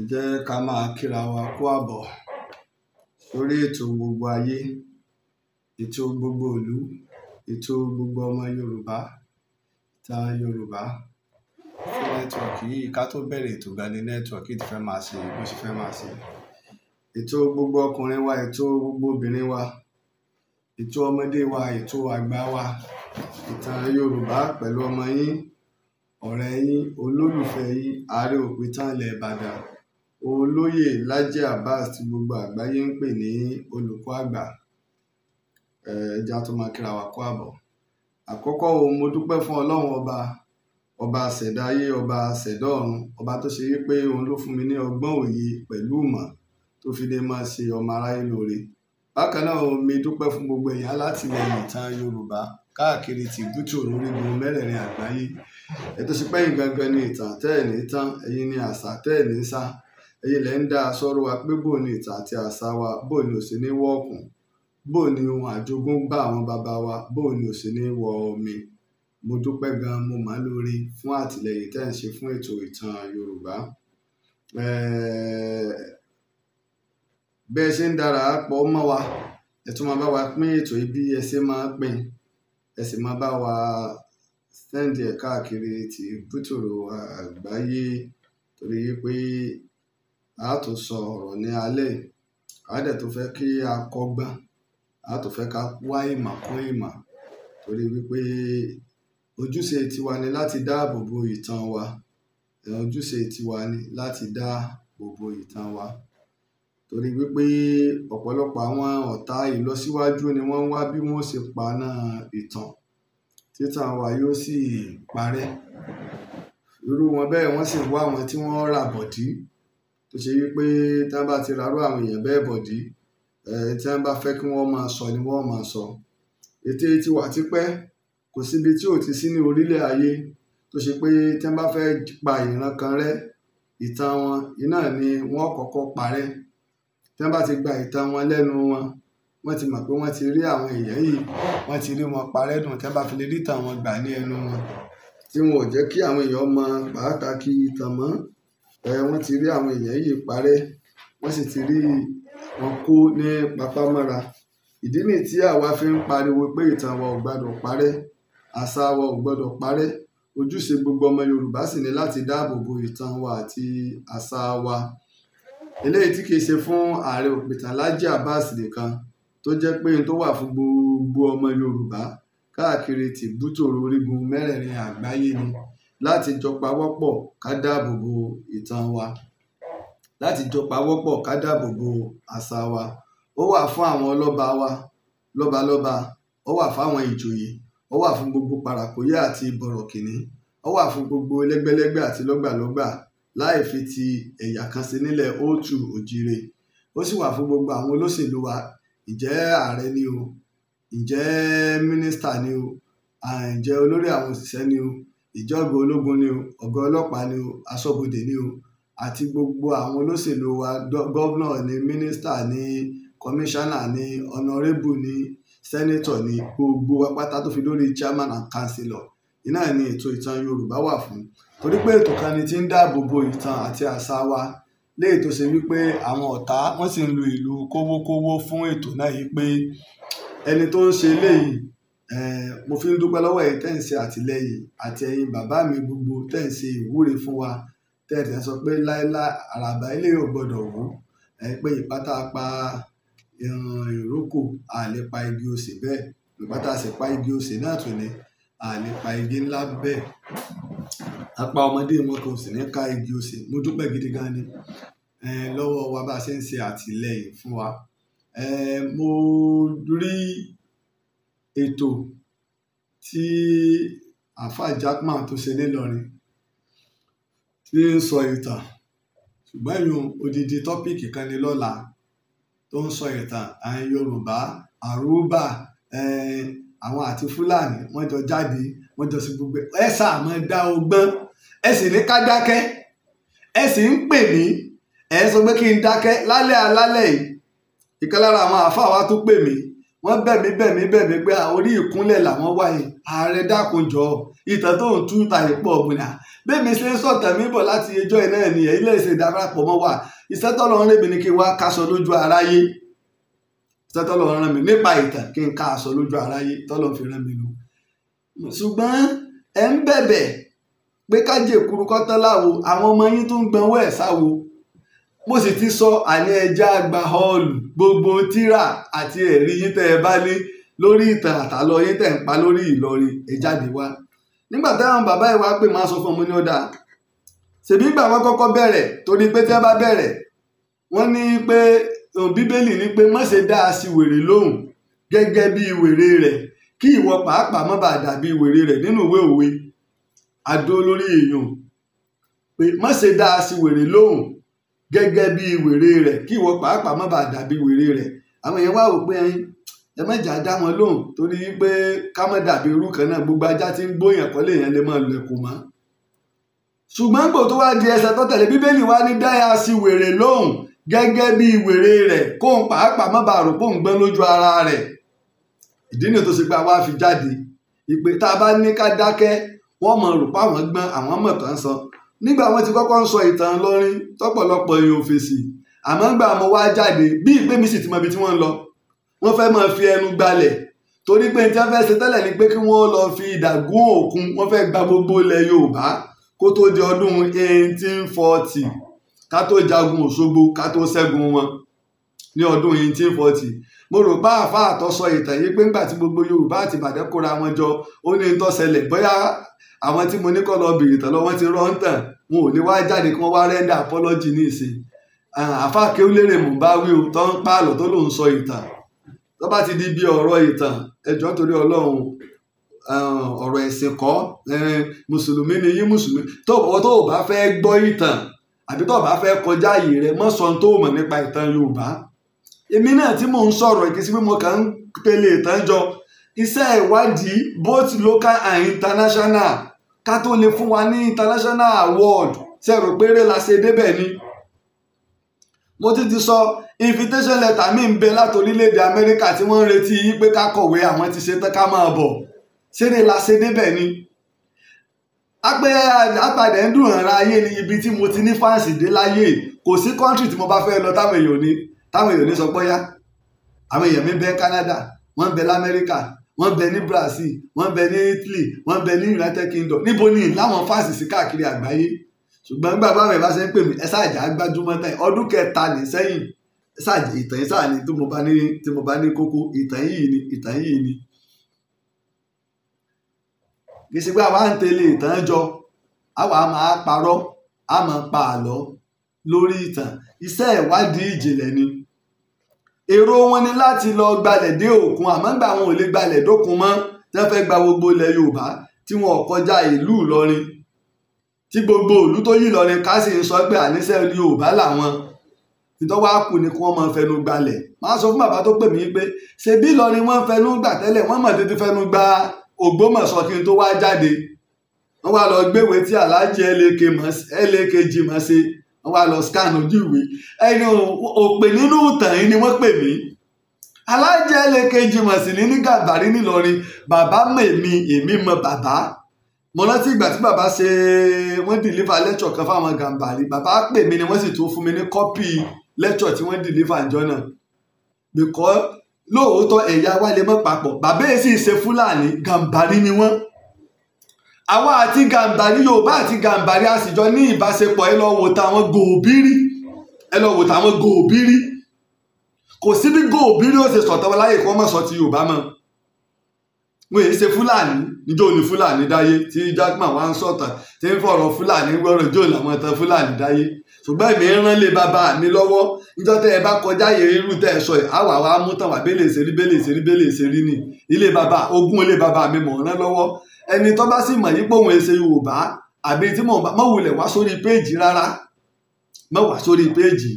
ẹ jẹ́ ká máa kíra wa kú àbọ̀ sórí ètò gbogbo ayé ètò gbogbo ìlú ètò gbogbo ọmọ Yorùbá ta Yorùbá fún nẹ́tíwọ̀kì yìí ká tó bẹ̀rẹ̀ ètò ga ní nẹ́tíwọ̀kì ti fẹ́ máa ṣe bó ṣe fẹ́ máa ṣe ètò gbogbo ọkùnrin wa ètò gbogbo obìnrin wa ètò ọmọdé wa ètò àgbà wa ìtàn Yorùbá pẹ̀lú ọmọ yín ọ̀rẹ́ yín olólùfẹ́ yín ààrẹ òpìtàn ilẹ̀ Ìbàdàn olóyè Laji Abbas tí gbogbo àgbáyé ń pè ní olùkọ́ àgbà ẹja tó máa kíra wa kó àbọ̀ àkọ́kọ́ o mo dúpẹ́ fún ọlọ́run ọba ọba àṣẹ̀dáyé ọba àṣẹ̀dọ́run ọba tó ṣe wípé òun ló fún mi ní ọgbọ́n òye pẹ̀lú ìmọ̀ tó fi lè máa ṣe ọmọ aráyé lóore bákan náà o mi dúpẹ́ fún gbogbo èèyàn alátìlẹyìn ìtàn Yorùbá káàkiri ti gúúsù lórígun mẹ́rẹ̀ẹ̀rin àgbáyé ètò ìṣípẹ́yìn gangan ni ìtàn tẹ́ẹ̀ ní tán ẹ̀yin ni àṣà tẹ́ẹ̀ ní sá ẹ̀yin lẹ́ ń dá sọ́rọ̀ wa pé bò ní ìtàn àti àṣà wa bò ní òsì ní wọ́ọ̀kùn bò ní ohun àjogúnbá àwọn bàbá wa bò ní òsì ní wọ omi mo dúpẹ́ gan mo máa lórí fún àtìlẹyìn tẹ́ ẹ̀ ń ṣe fún ètò ìtàn Yorùbá bẹ́ẹ̀ ṣe ń dára pọ̀ mọ́ wa ẹ tún máa bá wa pín ètò yìí bí máa pín ẹ sì máa bá wa sẹ́ǹdì ẹ̀ káàkiri ti bútùrù àgbáyé torí pé a tún sọ ọ̀rọ̀ ní alẹ́ yìí a dẹ̀ tó fẹ́ kí a kọ́gbọ́n a tó fẹ́ ká wá ìmọ̀ kún ìmọ̀ torí wípé ojúṣe tiwa ni láti dáàbò bo ìtàn wa ojúṣe tiwa ni láti dáàbò bo ìtàn wa torí wípé ọ̀pọ̀lọpọ̀ àwọn ọ̀tá ìlọsíwájú ni wọ́n ń wá bí wọ́n ṣe paná ìtàn títàn wa yóò sì parẹ́ irú wọn bẹ́ẹ̀ wọ́n sì wá àwọn tí wọ́n rà bọ̀dí tó ṣe wípé tí wọ́n bá ti rárú àwọn èèyàn bẹ́ẹ̀ bọ̀dí tí wọ́n bá fẹ́ kí wọ́n máa sọ ni wọ́n máa sọ ètè ti wà tipẹ́ kò síbi tí ò ti sí ní orílẹ̀ ayé tó ṣe pé tí wọ́n bá fẹ́ pa ìran kan rẹ́ ìtàn wọn iná ni wọ́n kọ́kọ́ parẹ́ tí wọ́n bá ti gba ìtàn wọn lẹ́nu wọn wọ́n ti mọ̀ pé wọ́n ti rí àwọn èèyàn yìí wọ́n ti rí wọn parẹ́ dùn tí wọ́n bá fi lè rí ìtàn wọn gbà ní ẹnu wọn tí wọn ò jẹ́ kí àwọn èèyàn mọ pàtàkì ìtàn mọ́ ẹ wọ́n ti rí àwọn èèyàn yìí parẹ́ wọ́n sì ti rí wọn kó ní papámọ́ra ìdí nìyí tí àwa fi ń pariwo pé ìtàn wa ò gbọdọ̀ parẹ́ àṣà wa ò gbọdọ̀ parẹ́ ojúṣe gbogbo ọmọ Yorùbá sì ni láti dáàbò bo ìtàn wa àti àṣà wa eléyìí tí kìí ṣe fún ààrẹ òpìtàlájì Abbas nìkan tó jẹ́ pé n tó wà fún gbogbo ọmọ Yorùbá káàkiri tìbútòrò orígun mẹ́rẹ̀ẹ̀rin àgbáyé ni láti jọ pawọ́pọ̀ ká dáàbò bo ìtàn wa láti jọ pawọ́pọ̀ ká dáàbò bo àṣà wa ó wà fún àwọn ọlọ́ba wa lọ́balọ́ba ó wà fáwọn ìjòyè ó wà fún gbogbo parakòyé àti bọ̀rọ̀kìnní ó wà fún gbogbo ẹlẹ́gbẹ́lẹ́gbẹ́ àti lọ́gbàlọ́gbà láì fi ti ẹ̀yà kan sí nílẹ̀ òòtù òjire ó sì wà fún gbogbo àwọn olóṣèlú wa ǹjẹ́ ààrẹ ni o ǹjẹ́ mínísítà ni o ǹjẹ́ olórí àwọn òṣìṣẹ́ ni o ìjọ́gọ̀ ológun ni o ọ̀gá ọlọ́pàá ni o aṣọ́bodè ni o àti gbogbo àwọn olóṣèlú wa gọ́vnà ni mínísítà ni kọmíṣánná ni ọ̀nàrẹ́bù ni sẹ́nẹ́tọ̀ ni gbogbo wa tó fi lórí chairman and councillor iná ni ètò ìtàn Yorùbá wà fún torí pé ètò kan ni ti ń dáàbò bo ìtàn àti àṣà wa léyìí tó ṣe wípé àwọn ọ̀tá wọ́n sì ń lu ìlú kówókówó fún ètò náà yìí pé ẹni tó ń ṣe léyìí mo fi ń dúpẹ́ lọ́wọ́ ẹ̀yin tẹ́ ń ṣe àtìlẹ́yìn àti ẹ̀yin bàbá mi gbogbo tẹ́ ń ṣe ìwúre fún wa tẹ́ ẹ̀ sọ pé láéláé àràbà ilé ò gbọ́dọ̀ wú pé ìpátá pa ìrókò àlè pa igi òsè bẹ́ẹ̀ ìpátá sì pa igi òsè náà tún ni àlè pa igi ńlá bẹ́ẹ̀ apá ọmọdé wọn kò sì ní ká igi òsè mo dúpẹ́ gidi gan ni lọ́wọ́ wa bá a ṣe ń ṣe àtìlẹ́yìn fún wa mo rí ètò tí àáfàá Jaqmal tó ṣe nílọrin tí ń sọ ìtàn ṣùgbọ́n ìyún odidi tọ́píìkì kan ní lọ́la tó ń sọ ìtàn àwọn Yorùbá àrùbá eh, àwọn àti Fúlàní wọ́n jọ jáde wọ́n jọ sí gbogbo ẹ sáà máa dá ọgbọ́n ẹ sì ní ká dákẹ́ ẹ sì ń pè mí ẹ sọ pé kí n dákẹ́ lálẹ́ alálẹ́ yìí ìkan àwọn àáfàá wa tó pè mí wọ́n bẹ̀mí bẹ̀mí bẹ̀mí pé orí ìkúnlẹ̀ làwọn wáyé ààrẹ dákunjọ ìtàn tó ń tú ta ìpọ̀ ọ̀gbìnà bẹ́ẹ̀ ṣe ń sọ̀tàn mi bọ̀ láti ẹjọ́ iná ẹ̀ nìyẹn ilé ìsìn ìdárapọ̀ mọ́ wa iṣẹ́ ń rìn mí kí n wá kaṣọ lójú aráyé iṣẹ́ ń rìn nípa ìtàn kí n ka aṣọ lójú aráyé tọ́lọ́ fi rìn mí ṣùgbọ́n ẹ̀ ń bẹ̀bẹ̀ pé kájèkúrú kọ́tọ́ àwọn ọmọ yín tó ń gbanwó ẹ̀ sáwo mo sì ti sọ àní ẹja àgbà họ́ọ̀lù gbogbo tíra àti ẹ̀rí yín tẹ́ ẹ bá lé lórí ìtàn àtàlọ yín tẹ̀ ń pa lórí ìlọrin ẹ jáde wá nígbà táwọn bàbá ìwà pè máa sọ fún ọmọ ní ọ̀dà ṣèbí ìgbà wọn kọ́kọ́ bẹ̀rẹ̀ torí pé tí wọ́n bá bẹ̀rẹ̀ wọ́n ní pé um, bíbélì ní pé má ṣe dá a sí wèrè lóhùn gẹ́gẹ́ bí wèrè rẹ̀ kí ìwọ pàápàá má bàa dàbí wèrè rẹ̀ nínú ìwé òwe adó lórí èèyàn pé má dá a sí wèrè lóhùn gẹ́gẹ́ bí wèrè rẹ̀ kí ìwọ pàápàá má bàa dàbí wèrè rẹ̀ àwọn èèyàn wá wò pé ẹyin ẹ mẹ́jà dá wọn lóhùn torí pé ká má dàbí irú kan náà gbogbo ajá tí ń gbóyàn kọ́ lèèyàn lè máa lọ ẹ̀kọ́ mọ́. ṣùgbọ́n gbò tó wá di ẹsẹ̀ tó tẹ̀lé bíbélì wá ní dáyà sí wèrè lóhùn gẹ́gẹ́ bí wèrè rẹ̀ kóun pàápàá má bàa rò pé òun gbọ́n lójú ara rẹ̀ ìdí nìyẹn tó ṣe pé àwa fi jáde ìpè tá a bá ní ká dákẹ́ wọ́n mọ̀ rò nígbà wọn ti kọ́kọ́ ń sọ ìtàn lọ́rin tọ́pọ̀lọpọ̀ èèyàn òfèsì àmọ́ gbà mo wá jáde bí ìpè mi sì ti mọ ibi tí wọ́n ń lọ wọ́n fẹ́ máa fi ẹnu gbalẹ̀ torí pé tí wọ́n fẹ́ ṣe tẹ́lẹ̀ ni pé kí wọ́n lọ fi ìdàgún òkun wọ́n fẹ́ gba gbogbo ilẹ̀ Yorùbá kó tó di ọdún eighteen forty ká tó jagun Òṣogbo ká tó ṣẹ́gun wọn ní ọdún 1840 mo rò pé àáfàá tó sọ ìtàn yìí pé ńgbà tí gbogbo yorùbá àti ìbàdàn kóra wọn jọ ó ní ń tó bóyá àwọn tí mo ní kọ́ lọ bèrè tán lọ ti rọ́ tàn wọn ò ní wá jáde kí wọ́n wá rẹ́ndà apology ní ìsìn àáfàá kéwúlérè mò ń bá wí o tó ń pààlọ́ tó lòún sọ ìtàn tó bá ti di bí ọ̀rọ̀ ìtàn ẹjọ́ torí ọlọ́run ọ̀rọ̀ ẹ̀sìn kọ́ mùsùlùmí ni yín mùsùlùmí tó o tó o bá fẹ́ gbọ́ ìtàn àbí tó o bá fẹ́ kọjá àyè rẹ mọ́ tó o mọ̀ nípa ìtàn yorùbá èmi náà tí mò ń sọ̀rọ̀ ìkísí pé mo kàn ń pele ìtànjọ iṣẹ́ ìwádìí both local and international ká tó lè fún wa ní international award ṣẹ̀rò péré la ṣe débẹ̀ ni. mo ti ti sọ invitation letter mi ń bẹ láti orílẹ̀-èdè amẹ́ríkà tí wọ́n ń retí yí pé ká kọ̀wé àwọn ti ṣe tán ká máa bọ̀ ṣeré la ṣe débẹ̀ ni. apẹ́ apàdé ń dùn ara ayé ni ibi tí mo ti ní fáǹsì dé láyé kò sí kọ́ńtì tí mo bá fẹ́ lọ táwọn èèyàn ní táwọn èèyàn ní sọ pé yá àwọn èèyàn mi bẹ Canada wọ́n bẹ l'Amẹ́ríkà wọ́n bẹ ní Brazil wọ́n bẹ ní Italy wọ́n bẹ ní United Kingdom níbo ni láwọn fásitì káàkiri àgbáyé ṣùgbọ́n gbàgbọ́ àwọn ìbáṣẹ ń pè mí ẹ sáàjà gbájúmọ́ táyì ọdún kẹta ní sẹ́yìn sáàjà ìtàn yìí sáà ni tí mo bá ní tí mo bá ní kókó ìtàn yìí ni ìtàn yìí ni. gbèsègbè àwa ń tẹ̀lé ìtàn jọ àwa máa parọ́ a máa pa àlọ́ lórí ìtàn iṣẹ́ ìwádìí ìjìnlẹ̀ ni èrò wọn ni láti lọ gbalẹ̀ dé òkun àmọ́ gbà wọn ò lè gbalẹ̀ dókun mọ́ tí wọ́n fẹ́ gba gbogbo ilẹ̀ yorùbá tí wọn ò kọjá ìlú ìlọrin tí gbogbo ìlú tó yí ìlọrin ká sì ń sọ pé àníṣe ní yorùbá làwọn ìtọ́wọ́ àkù ni kí wọ́n máa fẹnu gbalẹ̀ máa sọ fún bàbá tó pè mí pé ṣebí ìlọrin wọn fẹnu gbà tẹ́lẹ̀ wọ́n mọ̀ tètè fẹnu gba ògbómọ̀ṣọ́ kí n tó wá jáde wọ́n wá lọ gbéwèé tí aláàjì ẹlẹ́kejì mọ̀ ṣe wọ́n wá lọ scan ojú ìwé ẹni òpè nínú ìtàn yìí ni wọ́n pè mí alájẹ ẹlẹ́kejì mọ̀ sí ní ní gàbàrí nìlọrin bàbá mọ̀ èmi èmi mọ̀ bàbá mo rántí ìgbà tí bàbá ṣe wọ́n dìlífà lẹ́tọ̀ kan fáwọn gàmbàrí bàbá pè mí ni wọ́n sì tún fún mi ní kọ́pì lẹ́tọ̀ tí wọ́n dìlífà ǹjọ́ náà bìkọ́ lóòótọ́ ẹ̀yà wa lè papọ̀ bàbá yìí sì ṣe fúlàní gàmbàrí ni wọ́n àwa àti Gàǹbàrí Yorùbá àti Gàǹbàrí àsìjọ ní ìbáṣepọ̀ ẹ lọ wò táwọn gòbírí ẹ lọ wò táwọn gòbírí kò sí bí gòbírí ó ṣe sọ̀tọ̀ wọn láyè kí wọ́n mọ̀ sọ ti Yorùbá mọ́ wọn èyí ṣe Fúlàní níjó ni Fúlàní dáyé tí Jaqmal wá ń sọ̀tàn tí ń fọ̀rọ̀ Fúlàní gbọ́rọ̀ jó làwọn tán Fúlàní dáyé ṣùgbọ́n èmi ń rán lé bàbá mi lọ́wọ́ níjọ́ tẹ́ ẹ bá kọjá yẹ irú tẹ́ ẹ sọ yìí àwa wa mú tàn wá bẹ́lẹ̀ ṣerí bẹ́lẹ̀ ṣerí bẹ́lẹ̀ ṣerí ni ilé bàbá ogún ilé bàbá mi mọ̀ rán lọ́wọ́ ẹni tó bá sì mọ̀ yí pé òun èsè yorùbá àbí tí mò ń bá mọ̀ wulẹ̀ wá sórí péèjì rárá mọ̀ wá sórí péèjì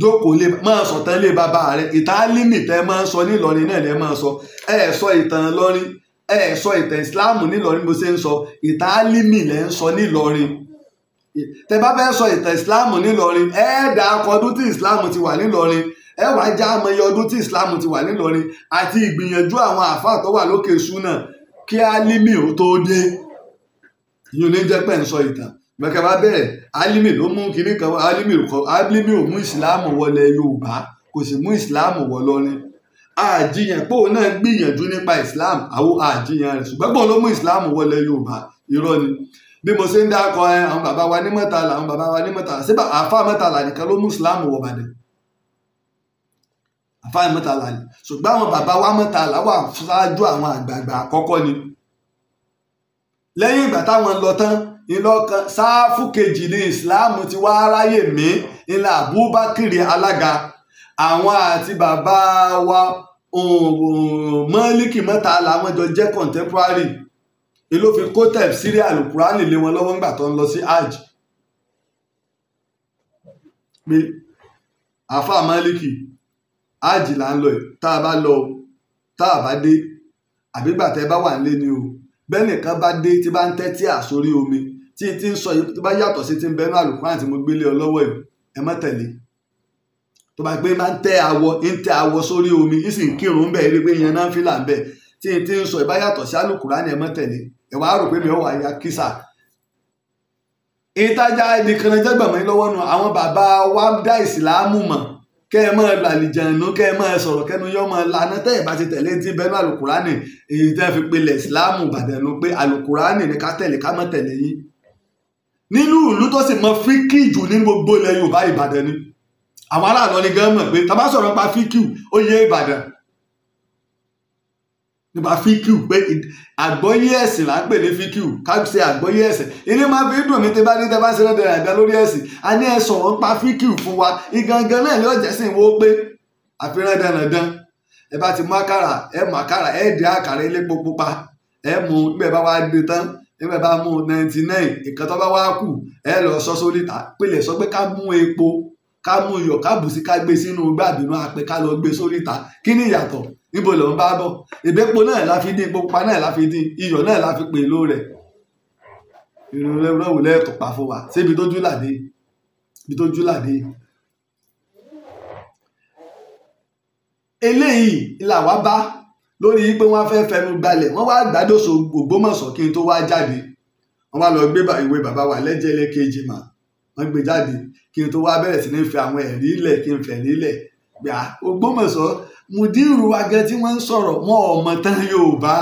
jókòó lé máa sọ tán lé bàbá rẹ ìtàlímì tẹ máa sọ nílọrin náà lẹ máa sọ ẹ sọ ìtàn lọrin ẹ sọ ìtàn ìsìláàmù nílọrin bó ṣe ń sọ ìtàlímì lẹ ń sọ nílọrin tẹ bá fẹ́ sọ ìtàn ìsìláàmù nílọrin ẹ dà akọ ọdún tí ìsìláàmù ti wà nílọrin ẹ wàá já amọye ọdún tí ìsìláàmù ti wà nílọrin àti ìgbìyànjú àwọn àáfàá tó wà lókè ṣúná kí alimi ó tó dé yóò ní jẹ́ pẹ́ ń sọ ìtàn mẹ́kẹ́ bá alimi, Álímì ló mú kinní kan Álímì kọ Álímì ò mú ìsìláàmù wọlé Yorùbá kò sì mú ìsìláàmù wọ lọ́rin àjiyàn pé òun náà gbìyànjú nípa ìsìláàmù àwọn àjiyàn rẹ̀ ṣùgbọ́n pé òun ló mú ìsìláàmù wọlé Yorùbá irọ́ ni bí mo ṣe ń dákọ ẹ àwọn bàbá wa ní mọ́tàlá àwọn bàbá wa ní mọ́tàlá síbà àáfàá mọ́tàlá nìkan ló mú ìsìláàmù wọ Ìbàdàn àfáà mọ́tàlá ni ṣùgbọ́n àwọn bàbá wa mọ́tàlá wà ṣáájú àwọn àgbààgbà àkọ́kọ́ ni lẹ́yìn ìgbà táwọn lọ tán ìlọ́kan sáfù kejì ní ìsìláàmù ti wá ráyè mí ńlá abúbákiri alága àwọn àti bàbá wa mọ́líkì mọ́tàlá wọn jọ jẹ́ contemporary ìlú fi kótẹ́ẹ̀f sírí àlùkùránì lé wọn lọ́wọ́ ńgbà tó ń lọ sí hajj pé àfáà mọ́líkì hajj là ń lọ yìí tá a bá lọ o tá a bá dé àbí gbà tẹ́ bá wà nílé ni o bẹ́ẹ̀ nìkan bá dé tí bá ń tẹ́tí àsórí omi tí tí ń sọ yìí tó bá yàtọ̀ sí ti ń bẹnu àlùkùránì àti mo gbélé ọ lọ́wọ́ yìí ẹ má tẹ̀lé tó bá gbé máa ń tẹ awọ ń tẹ awọ sórí omi ń sì ń kírun ń bẹ̀ ẹ́ pé yan náà ń fìlà ń bẹ̀ tí tí ń sọ yìí bá yàtọ̀ sí àlùkùránì ẹ má tẹ̀lé ẹ wàá rò pé mi ò wà ya kísà ìtajà ìdìkànnì nu àwọn bàbá wa dá kẹ́ ẹ máa làlìjànú kẹ́ ẹ máa sọ̀rọ̀ kẹ́nu yọ́ máa lana tẹ́ ẹ bá ti tẹ̀lé tí bẹ́ẹ̀ ní alukurani èyí tẹ́ fi pe lẹ́sìlámù ìbàdàn ló pé alukurani ni ká tẹ̀lé ká má tẹ̀lé yín nínú ìlú tó sì mọ fíkì jù ní gbogbo ilẹ̀ Yorùbá Ìbàdàn ni àwọn aráàlú ni gan mọ̀ pé tá a bá sọ̀rọ̀ pa fíkì ó yé Ìbàdàn nípa fíkìú pé àgbọ́yé ẹ̀sìn là ń pè ní fíkìú ká ṣe àgbọ́yé ẹ̀sìn ilé máa fi dùn mí tí bá ní tẹ́fà sílẹ̀ dẹ̀rẹ̀ àgbà lórí ẹ̀sìn a ní ẹ sọ̀rọ̀ pa fíkìú fún wa ìgangan náà ni ọ̀jẹ̀ sì ń wo pé àfihàn dandan ẹ bá ti mú àkàrà ẹ mú àkàrà ẹ dì àkàrà elépo pupa ẹ mú ibẹ̀ bá wá dé tán ibẹ̀ bá mú ninety nine ìkan tó bá wá kù ẹ lọ sọ sórí ìta pélé sọ pé ká mú epo ká mú iyọ̀ ká bù sí ká gbé sínú gbàdúrà pé ká lọ gbé sórí ìta kí ni ìyàtọ̀ níbo ló ń bá bọ̀ ìbẹ́pọ̀ náà la fi dín pupa náà la fi dín iyọ̀ náà la fi pè ló rẹ̀ irun lẹ́wọ̀ lẹ́ẹ̀tọ̀ pa fún wa ṣé ibi tó jú làdé ibi tó jú làdé. eléyìí là wá bá lórí pé wọ́n fẹ́ fẹnu gbalẹ̀ wọ́n wá gbàdóso Ògbómọ̀ṣọ́ kí n tó wá jáde wọ́n wá lọ gbé ìwé bàbá wa lẹ́jẹ̀ lẹ́kejì mà wọ́n gbé jáde kí n tó wá bẹ̀rẹ̀ sí ní fi àwọn ẹ̀rí lẹ̀ kí n fẹ̀rí lẹ̀ gbà Ògbómọ̀ṣọ́ mùdírù wa gan tí wọ́n ń sọ̀rọ̀ wọn ò mọ̀ tán Yorùbá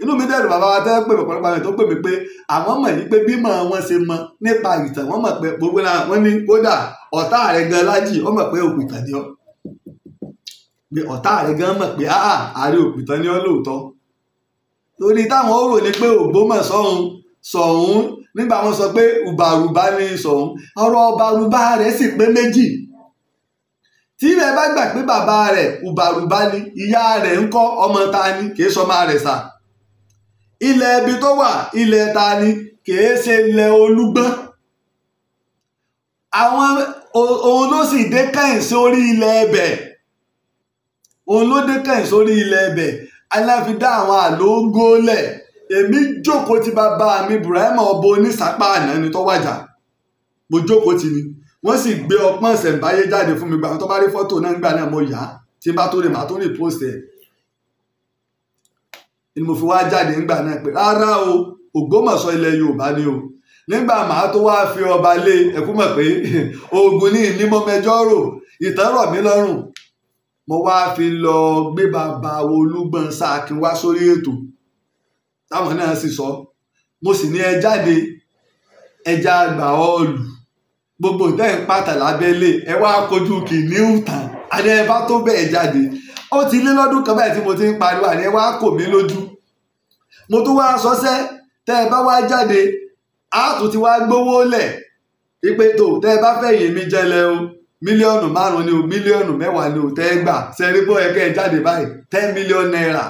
inú mi dẹ̀rù bàbá wa tẹ́ pé pọ̀pọ̀lọpọ̀ àwọn tó pè mí pé àwọn mọ̀ yìí pé bímọ wọn ṣe mọ nípa ìtàn wọn mọ̀ pé gbogbo náà wọn ní kódà ọ̀tá rẹ̀ gan lájì wọn mọ̀ pé òpìtàn ni ọ́ pé ọ̀tá rẹ̀ gan mọ̀ pé áà ààrẹ òpìtàn ni ọ́ lóòótọ́ torí táwọn ó rò ní pé Ògbómọ̀ṣọ́ Ṣọ̀ún nígbà wọn sọ pé ùbàrùbá ni Ṣọ̀ún ọ̀rọ̀ ọ̀bàrùbá rẹ̀ sì pé méjì tí rẹ̀ bá gbà pé bàbá rẹ̀ ùbàrùbá ni ìyá rẹ̀ ń kọ́ ọmọ ta ni kì í sọmọ rẹ̀ sà ilẹ̀ ibi tó wà ilẹ̀ ta ni kì í ṣe ilẹ̀ olúgbọ́n àwọn òun ló sì dé kẹ́yìn sórí ilẹ̀ ẹbẹ̀ òun àwọn ti mi Ibrahim onísàpá àná ni tó mo jókòó ti wọ́n sì gbé ọpọ́n ṣẹ̀ǹbáyé jáde fún mi gbà tó bá rí fọ́tò náà nígbà náà mo yà á tí n bá tó lè má tó lè post ẹ̀ ni mo fi wá jáde nígbà náà pé rárá o Ògbómọ̀ṣọ́ ilẹ̀ Yorùbá ni o nígbà màá tó wá fi ọba lé ẹkú mọ̀ pé oògùn ní ìnímọ̀mẹjọ́ rò ìtẹ́rọ̀ mi lọ́rùn mo wá fi lọ gbé bàbá Olúgbọ̀n sáàkì wá sórí ètò táwọn náà sì sọ mo sì ní ẹ jáde ẹja àgbà ọ̀ọ́lù gbogbo ìtẹ́ ìpàtà lábẹ́lé ẹ wá kojú kìnìún tàn àdé ẹ bá tó bẹ́ẹ̀ jáde ó ti lé lọ́dún kan báyìí tí mo ti ń pariwo àní ẹ wá kò mí lójú mo tún wá sọ́sẹ́ tẹ́ ẹ bá wá jáde àtún ti wá gbówó lẹ̀ ipe tó tẹ́ ẹ bá fẹ́ yìn mí jẹlẹ o mílíọ̀nù márùn-ún ni o mílíọ̀nù mẹ́wàá ni o tẹ́ ẹ gbà sẹ́rí bó ẹ kẹ́ ẹ jáde báyìí ten million naira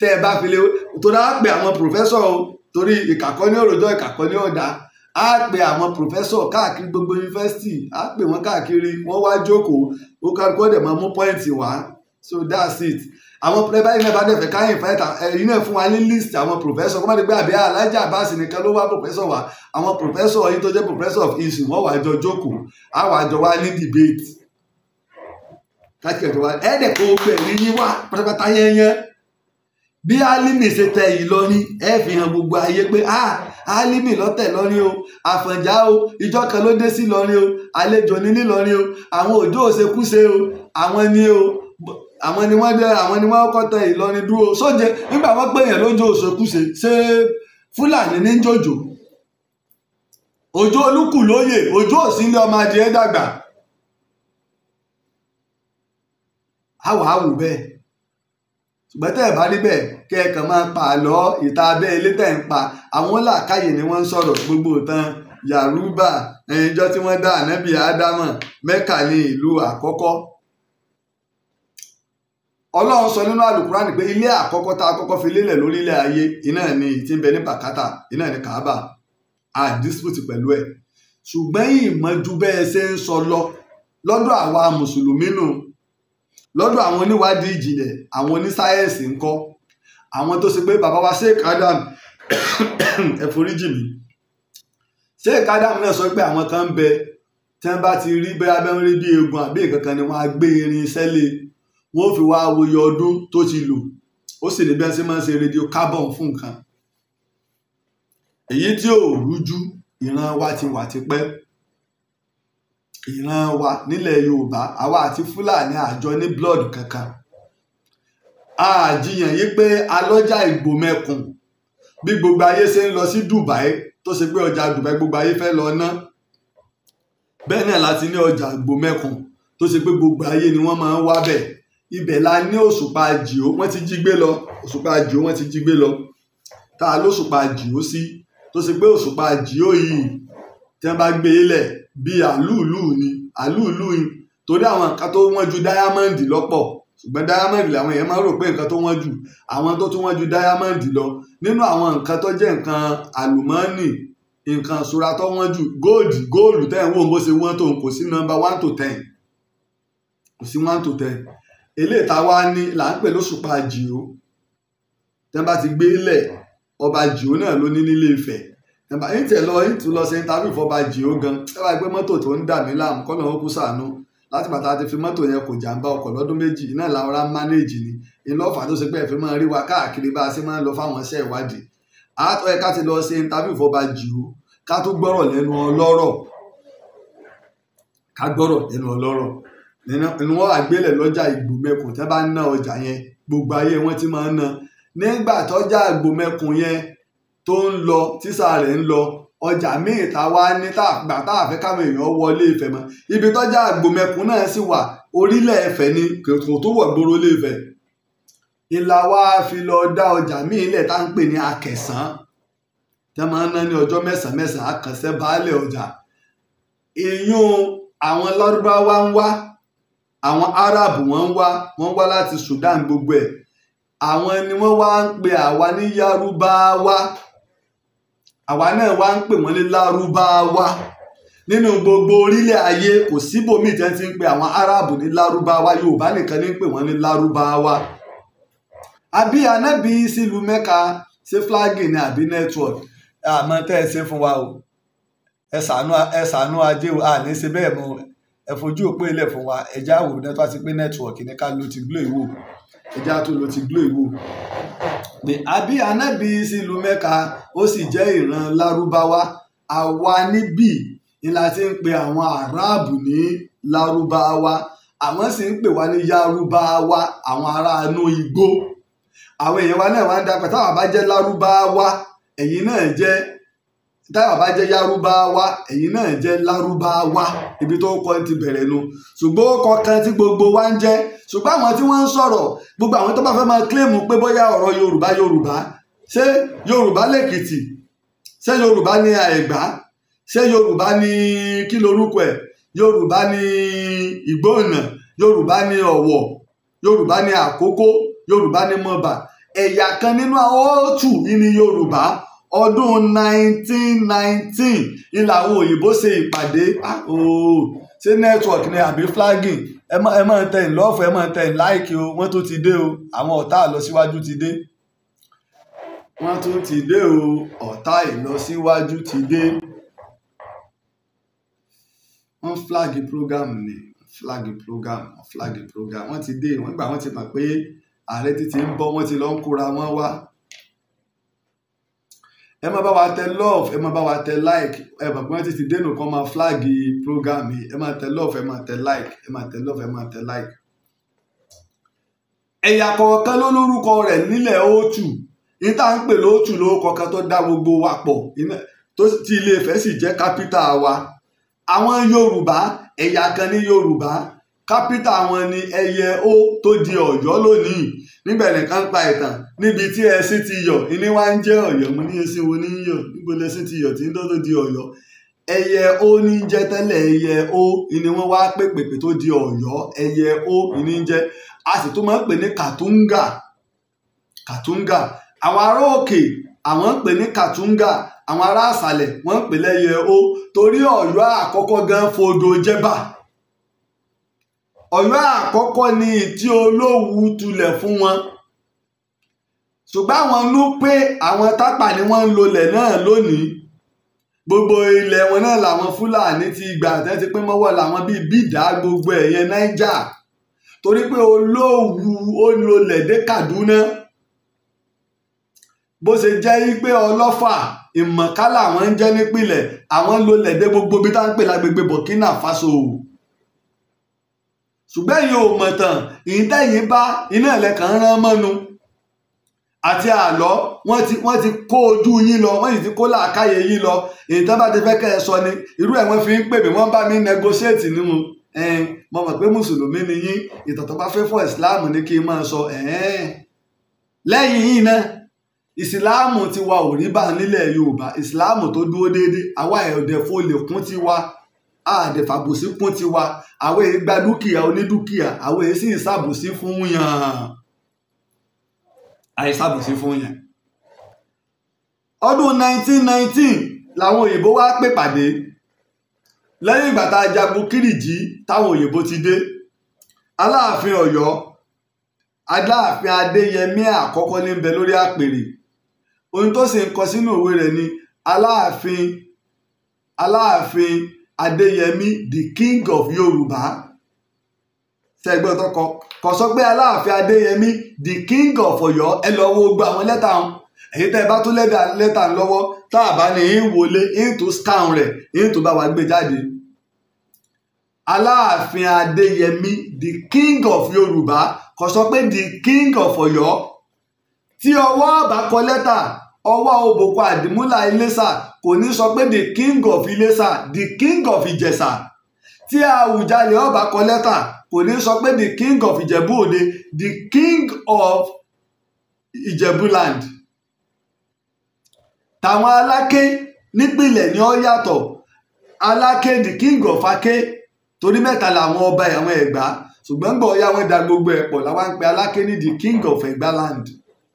tẹ́ ẹ bá fi lé o tó dáa pé àwọn pòfẹ́sọ̀ á pe àwọn pòfẹ́sọ̀ káàkiri gbogbo yunifásitì á pè wọ́n káàkiri wọ́n wá jókòó ó kárikó dẹ̀ máa mú pọ́ìntì wá so that's it àwọn pẹ̀lẹ́bá yìí náà bá dẹ̀fẹ̀ ká invite ẹ̀yin náà fún wa ní list àwọn professor kọ́mọ́dé gbé àbí alájà abáàsì nìkan ló wá professor wa àwọn professor yìí tó jẹ́ professor of history wọ́n wà jọ jókòó á wà jọ wá ní debate káàkiri ọ̀dọ̀ wa ẹ̀ẹ́dẹ̀kọ́ gbẹ̀rí yín wá pátápátá yẹ́nyẹ́ bí Álímì ṣe tẹ Ìlọrin ẹ fi hàn gbogbo ayé pé a Álímì lọ́tẹ̀ lọ́rin o Àfọ̀njá o ìjọ kan ló dé sí lọ́rin o àlejò ní nílọrin o àwọn òjò òṣekúṣe o àwọn ni o àwọn ni wọ́n jẹ́ àwọn ni wọn kọ́ tẹ Ìlọrin dúró sóúnjẹ nígbà wọ́n pè yàn lójó òṣekúṣe ṣé Fúlàní ní jòjò òjò olúkù lóye òjò òsì ọmọ ọmọdé dàgbà. a wàá wò bẹ́ẹ̀ ṣùgbọ́n tẹ́ ẹ̀ bá níbẹ̀ kẹ́ ẹ̀ kàn máa pa àlọ́ ìta abẹ́ ilé tẹ̀ ń pa àwọn làákàyè ni wọ́n ń sọ̀rọ̀ gbogbo tán Yorùbá ẹ̀yìnjọ́ tí wọ́n dá ànábì ádámọ̀ Mẹ́kà ní ìlú àkọ́kọ́ Ọlọ́run sọ nínú àlùkùránì pé ilé àkọ́kọ́ tá a kọ́kọ́ fi lélẹ̀ lórílẹ̀ ayé iná ni tí ń bẹ ní bàkátà iná ni kàábà a dispute pẹ̀lú ẹ̀ ṣùgbọ́n ìmọ̀jú bẹ́ẹ̀ ṣe ń sọ lọ lọ́dọ̀ àwa mùsùlùmí nù lọ́dọ̀ àwọn oníwádìí ìjìnlẹ̀ àwọn onísáyẹ̀nsì ń kọ́ àwọn tó ṣe pé bàbá wa Sheikh Adam ẹ̀foríjì mi Sheikh Adam náà sọ pé àwọn kan ń bẹ tí wọ́n bá ti rí bẹ́ẹ̀ abẹ́ bí eegun àbí ìkankan ni wọ́n á gbé irin sẹ́lẹ̀ wọ́n fi wá awoyọ ọdún tó ti lò ó sì ní bẹ́ẹ̀ sí máa ń ṣe rédíò carbon fún nǹkan èyí tí ò rújú ìran wa ti wà tipẹ́ ìran wa nílẹ̀ yorùbá àwa àti fúlàní àjọ ní blood kankan àjiyàn yìí pé alọ́jà ìgbòmẹ̀kùn bí gbogbo ayé ṣe ń lọ sí dubai tó ṣe pé ọjà dubai gbogbo ayé fẹ́ lọ ná bẹ́ẹ̀ náà láti ní ọjà ìgbòmẹ̀kùn tó ṣe pé gbogbo ayé ni wọ́n máa ń wá bẹ̀ ibẹ̀ la ní òṣùpá jìó wọ́n ti jí gbé lọ òṣùpá jìó wọ́n ti jí gbé lọ tá a lóṣùpá jìó sí tó ṣe pé òṣùpá jìó yìí tí wọ́n bá gbé ilẹ̀ e bíi àlúùlù ni àlúùlù ni torí àwọn nǹkan tó wọ́n ju dáyámọ́ǹdì lọ́pọ̀ ṣùgbọ́n dáyámọ́ǹdì làwọn èèyàn máa ń rò pé nǹkan tó wọ́n jù àwọn tó tún wọ́n ju dáyámọ́ǹdì lọ nínú àwọn nǹkan tó jẹ́ nǹkan àlùmọ́ọ́nì nǹkan ìṣura tó wọ́n jù góòdì góòlù tẹ́ ń wò bó ṣe wọ́n tó kò sí nọ́mbà one to ten kò sí one to ten eléyìí tá a wá ní là ń pè lóṣùpá jìó tẹ́ bá ti gbé lẹ̀ ọba jìó náà ló ní nílé Ifẹ̀ ẹ̀bà yín tẹ̀ lọ yín tún lọ ṣe interview fọba jìó gan ẹ̀bà gbé mọ́tò tó ń dà mí láàmú kọ́ lọ́wọ́ kú sànú láti bàtà ti fi mọ́tò yẹn kò jàǹbá ọkọ̀ lọ́dún méjì náà làwọn mánéèjì ni ìlọ́fà tó ṣe pé ẹ̀fẹ́ máa rí wa káàkiri bá a ṣe máa ń lọ fáwọn iṣẹ́ ìwádìí àátọ́ ẹ ká ti lọ ṣe interview fọba jìó ká tó gbọ́rọ̀ lẹ́nu ọlọ́rọ̀ ká gbọ́rọ̀ lẹ́nu ọlọ́rọ̀ nínú wọn àgbélẹ̀ lọ́jà ìgbòmẹ̀kùn tẹ́ bá ń ná ọjà yẹn gbogbo ayé wọn ti máa ń ná nígbà tọ́jà ìgbòmẹ̀kùn yẹn tó ń lọ tísà rẹ̀ ń lọ ọjà míì tá a wá ní tá àgbà tá àfẹ́ káwọn èèyàn wọlé Ifẹ̀ mọ́ ibi tọ́jà àgbòmẹ̀kún náà sì wà orílẹ̀ Ifẹ̀ ni kò tó wọ̀ gbòòrò lé Ifẹ̀ ìlà wa fi lọ dá ọjà míì lẹ̀ tá ń pè ní akẹ̀sán tẹ́ máa ń ná ní ọjọ́ mẹ́sàn-án mẹ́sàn-án akànṣẹ́ baálẹ̀ ọjà èèyàn àwọn lárúbáwá ń wá àwọn arab wọ́n ń wá wọ́n wá láti Sudan gbogbo ẹ̀ àwọn ni wọ́n wá ń pe àwa ní Yarubawa àwa náà wá ń pè wọ́n ní lárúbáwá nínú gbogbo orílẹ̀ ayé kò síbòmíì tẹ́ ti ń pe àwọn aráàbù ní lárúbáwá yorùbá nìkan ní pè wọ́n ní lárúbáwá àbí anábì sílùú mẹ́ka ṣe flag ni àbí network àmọ́ tẹ́ ẹ ṣe fún wa o ẹ ṣàánú ẹ ṣàánú ajé o àní ṣe bẹ́ẹ̀ mọ́ ẹ fojú òpó ilẹ̀ fún wa ẹ̀já wò ní wọ́n ti pé network ní ká ló ti gbé ìwò ẹja tó lọ ti glo ìwò pé àbí anábì sílùú mẹ́ka ó sì jẹ́ ìran lárúbáwá àwa níbí ni la ti ń pe àwọn aráàbù ní lárúbáwá àwọn sì ń pè wá ní yarúbáwá àwọn ará inú igbó àwọn èèyàn wa náà wá ń dapẹ̀ táwọn bá lárúbáwá ẹ̀yin náà jẹ́ táyà bá jẹ́ Yarubawa ẹ̀yin náà jẹ́ Larubawa ibi tó kọ́ ti bẹ̀rẹ̀ nu ṣùgbọ́n ó kọkan tí gbogbo wa ń jẹ́ ṣùgbọ́n àwọn tí wọ́n ń sọ̀rọ̀ gbogbo àwọn tó bá fẹ́ máa kílèmù pé bóyá ọ̀rọ̀ Yorùbá Yorùbá ṣé Yorùbá lèkìtì ṣé Yorùbá ní Ẹ̀gbá ṣé Yorùbá ní kí lorúkọ ẹ̀ Yorùbá ní Ìgbóònà Yorùbá ní Ọ̀wọ̀ Yorùbá ní Àkókó Yorùbá ní Mọ̀bà ẹ̀yà kan nínú àwọn òtù ní Yorùbá ọdún 1919 ìlàwọ̀ òyìnbó ṣe ìpàdé ah, ṣé network ni àbí flagging ẹ máa ẹ máa tẹ̀ ń lọ́ọ̀fù ẹ máa tẹ̀ ń láìkì o wọ́n tún ti dé o àwọn ọ̀tá àlọ́síwájú ti dé wọ́n tún ti dé o ọ̀tá ìlọsíwájú ti dé wọ́n flag program ni flag program flag program wọ́n ti dé wọ́n gbà wọ́n ti mọ̀ pé ààrẹ ti ti ń bọ̀ wọ́n ti lọ ń kóra wọn wá ẹ bá wa tẹ love ẹ bá wa tẹ like ẹ bàbá wọn ti flag program yìí ẹ tẹ love ẹ tẹ like ẹ tẹ love tẹ like. ẹ̀yà kọ̀ọ̀kan ló lórúkọ rẹ̀ nílẹ̀ gbogbo wa pọ̀ Ilé sì wa àwọn Yorùbá ẹ̀yà kan ní Yorùbá wọn ni ẹyẹ ó tó di Ọ̀yọ́ lónìí níbẹ̀ nìkan pa ìtàn níbi tí ẹṣin ti yọ ìní wá ń jẹ́ ọ̀yọ́ mo ní ẹṣin wo ní yọ níbo lẹṣin ti yọ tí ń dọ́dọ̀ di ọ̀yọ́ ẹyẹ ó ní jẹ tẹ́lẹ̀ ẹyẹ ó ìní wọn wá pèpèpè tó di ọ̀yọ́ ẹyẹ ó ìní jẹ a sì tún máa ń pè ní kàtúngà kàtúngà àwọn ará òkè àwọn ń pè ní kàtúngà àwọn ará àṣàlẹ̀ wọ́n ń pè lẹ́yẹ ó torí ọ̀yọ́ àkọ́kọ́ gan fodo jẹ́bà ọ̀yọ́ àkọ́kọ́ ni ìtí olówu tulẹ̀ fún wọn ṣùgbọ́n àwọn ló pé àwọn tápà ni wọ́n ń lolẹ̀ náà lónìí gbogbo ilẹ̀ wọn náà làwọn fúlàní ti gbà tẹ́ ti pín mọ́wọ́ làwọn bíi bídà gbogbo ẹ̀yẹn náíjà torí pé olówu ó lolẹ̀ dé Kaduna bó ṣe jẹ́ pé ọlọ́fà ìmọ̀kálà wọn ń jẹ́ nípìnlẹ̀ àwọn lolẹ̀ dé gbogbo bí táwọn pè lágbègbè Burkina Faso ṣùgbọ́n èyí ò mọ̀ tán ìtẹ̀yìn bá iná ẹ̀lẹ́kàn rán mọ́nu àti àlọ́ wọ́n ti wọ́n ti kó ojú yín lọ wọ́n sì ti kó làákàyè yín lọ èyí tó bá ti fẹ́ kẹ́ ẹ sọ ni irú ẹ̀ wọ́n fi ń pè mí wọ́n bá mi negotiate nínú mo mọ̀ pé mùsùlùmí ni yín ìtàn tó bá fẹ́ fún ìsìláàmù ni kí n máa sọ lẹ́yìn yìí náà ìsìláàmù tiwa ò rí bá nílẹ̀ yorùbá ìsìláàmù tó dúró déédéé àwa ẹ̀ọ́dẹ̀fọ́ lè kún wa àdèfàbòsí kún tiwa àwọn èyí gba dúkìá onídúkìá àwọn èyí sì ṣàbòsí fún yàn àìṣàbòsí fún yàn. ọdún 1919 làwọn òyìnbó wá pè pàdé lẹ́yìn ìgbà tá a jagun kírìjí táwọn òyìnbó ti dé aláàfin ọ̀yọ́ aláàfin adéyẹmí àkọ́kọ́ ní bẹ lórí àpèrè ohun tó sì ń kọ sínú òwe rẹ̀ ni aláàfin aláàfin adéyẹmí the king of yorùbá ṣẹgbẹ́ tọkọ kò sọ pé aláàfin adéyẹmí the king of ọ̀yọ́ ẹ lọ wo gba àwọn lẹ́tà wọn èyí tẹ́ ẹ bá tún lẹ́tà lọ́wọ́ tá a bá ní í wọlé into scan rẹ̀ into bá wa gbé jáde aláàfin adéyẹmí the king of yorùbá kò sọ pé the king of ọ̀yọ́ tí ọwọ́ bá kọ lẹ́tà ọwọ́ òbòkọ àdìmúlà iléṣà kò ní sọ pé the king of iléṣà the king of ìjẹ̀ṣà tí àwùjalè ọba kọ lẹ́tà kò ní sọ pé the king of ìjẹ̀bú òde the king of ìjẹ̀búland tàwọn aláké nípìnlẹ̀ ni ó yàtọ̀ aláké the king of aké torí mẹ́ta làwọn ọba àwọn ẹ̀gbá ṣùgbọ́n gbọ́ ọ̀yá wọn da gbogbo ẹ̀ làwọn ń pe aláké ní the king of ẹ̀gbáland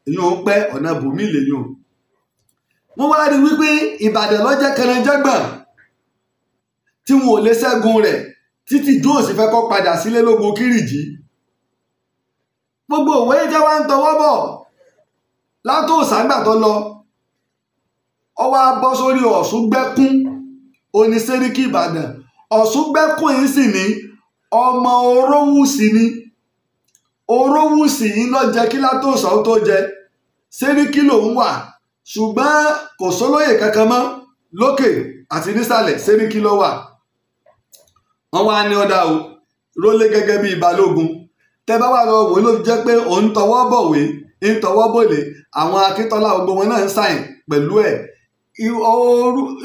èyí ò pẹ́ ọ̀nà bòmí lèyìn o wọ́n wá rí wípé ìbàdàn lọ́jẹ́ kẹrìndínlọ́gbọ̀n tí wọn ò lè ṣẹ́gun rẹ̀ títí jones fẹ́ kọ́ padà sílé lógun kírìjì gbogbo òwe jẹ́ wá ń tọwọ́ bọ̀ látòsàgbà tó lọ ọwọ́ abọ́ sórí ọ̀ṣungbẹ́kún oní sẹ́ríkì ìbàdàn ọ̀ṣungbẹ́kún yìí sì ní ọmọ orówùsì ni orówùsì yìí ló jẹ́ kí látòsàn tó jẹ sẹ́ríkì lòún wà ṣùgbọ́n kò sólóyè kankan mọ́ lókè àti nísàlẹ̀ sẹ́ríkì ló wà wọ́n wá ní ọ̀dà o rólé gẹ́gẹ́ bíi balógun tẹ́ bá wà lọ wò ló fi jẹ́ pé òun tọwọ́ bọ̀wé ń tọwọ́ bòlè àwọn akíntọ́lá gbogbo wọn náà ń sàìn pẹ̀lú ẹ̀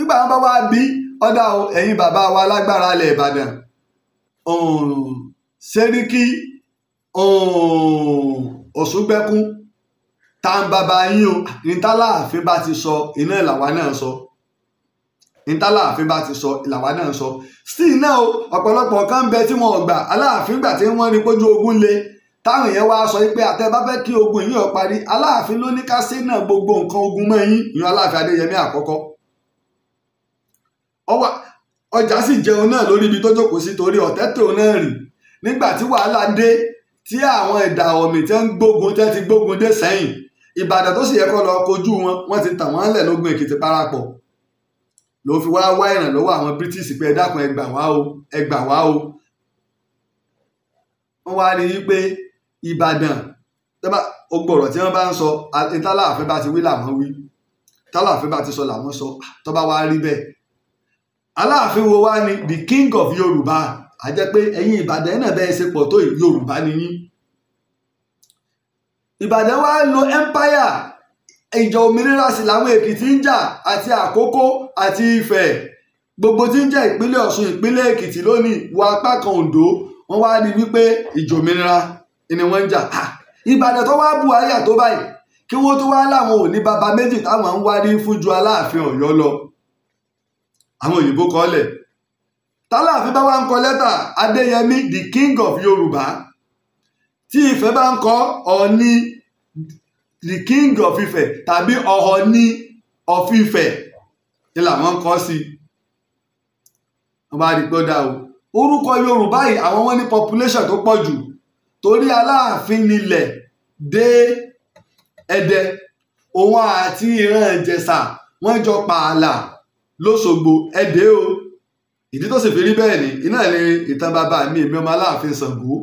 ìgbà wọn bá wá bí ọ̀dà o ẹ̀yin bàbá wa lágbára ilẹ̀ Ìbàdàn sẹ́ríkì ọ̀ṣùgbẹ́kún ta ń bàbá yín o ìtàláàfin bá ti sọ iná ìlàwá náà sọ ìtàláàfin bá ti sọ ìlàwá náà sọ still náà o ọ̀pọ̀lọpọ̀ kan bẹ tí wọn ò gbà aláàfin gbà tí wọ́n rí pójú ogun le táwọn yẹn wá sọ pé àtẹ bá fẹ́ kí ogun yìí ó parí aláàfin ló ní ká sí náà gbogbo nǹkan ogun mọ́ yín ìyẹn aláàfin adéyẹmí àkọ́kọ́ ọjà sì jẹun náà lórí ibi tó jókòó sí torí ọ̀tẹ́ tòun náà rìn nígbà tí wàhálà dé tí àwọn ẹ̀dà ọ̀mì tẹ́ ń gbógun tẹ́ ti gbógun dé sẹ́yìn ìbàdàn tó sì yẹ kó lọ kojú wọn wọ́n ti tàn wọ́n lẹ̀ lógun èkìtì parapọ̀ ló fi wá wá ìrànlọ́wọ́ àwọn british pé ẹ dákun ẹ gbà wá o ẹ gbà wá o wọ́n wá rí i pé ìbàdàn ogbòrò tí wọ́n bá ń sọ ìtàláàfin bá ti wí làwọn wí ìtàláàfin bá ti sọ làwọn sọ tó bá wá rí bẹ́ẹ̀ aláàfin wo wá ni the king of yorùbá àjẹ́ pé ẹ̀yin ìbàdàn ẹ̀ náà bẹ́ẹ̀ ṣe pọ̀ tó yorùbá ni yín ìbàdàn wá lo empire ìjà òmìnira sì làwọn èkìtì ń jà àti àkókò àti ifẹ̀ gbogbo tí ń jẹ́ ìpínlẹ̀ ọ̀ṣun ìpínlẹ̀ èkìtì lónìí wọ apá kan oǹdó wọ́n wá ní wípé ìjà òmìnira ni wọ́n ń jà ìbàdàn tó wá bu àyà tó báyìí kí wọ́n tó wá láwọn ò ní baba méjì táwọn ń wárí fún ju aláàfin ọ̀yọ́ lọ àwọn òyìnbó kọ́lẹ̀ tálàfin bá wá ń kọ lẹ́tà adéyẹmí the king of yorùbá tí Ifẹ̀ bá ń kọ Ọọ̀ni the king of Ifẹ̀ tàbí Ọọ̀ni of Ifẹ̀ ni làwọn ń kọ sí wọn bá rí gbọ́dá o orúkọ Yorùbá yìí àwọn wọn ní population tó pọ̀ jù torí Aláàfin nílẹ̀ dé Ẹdẹ òun àti ìran Ìjẹ̀ṣà wọ́n jọ pààlà lóṣogbo Ẹdẹ o ìdí tó sì fi rí bẹ́ẹ̀ ni iná ní ìtàn bàbá mi èmi ọmọ Aláàfin Ṣàngó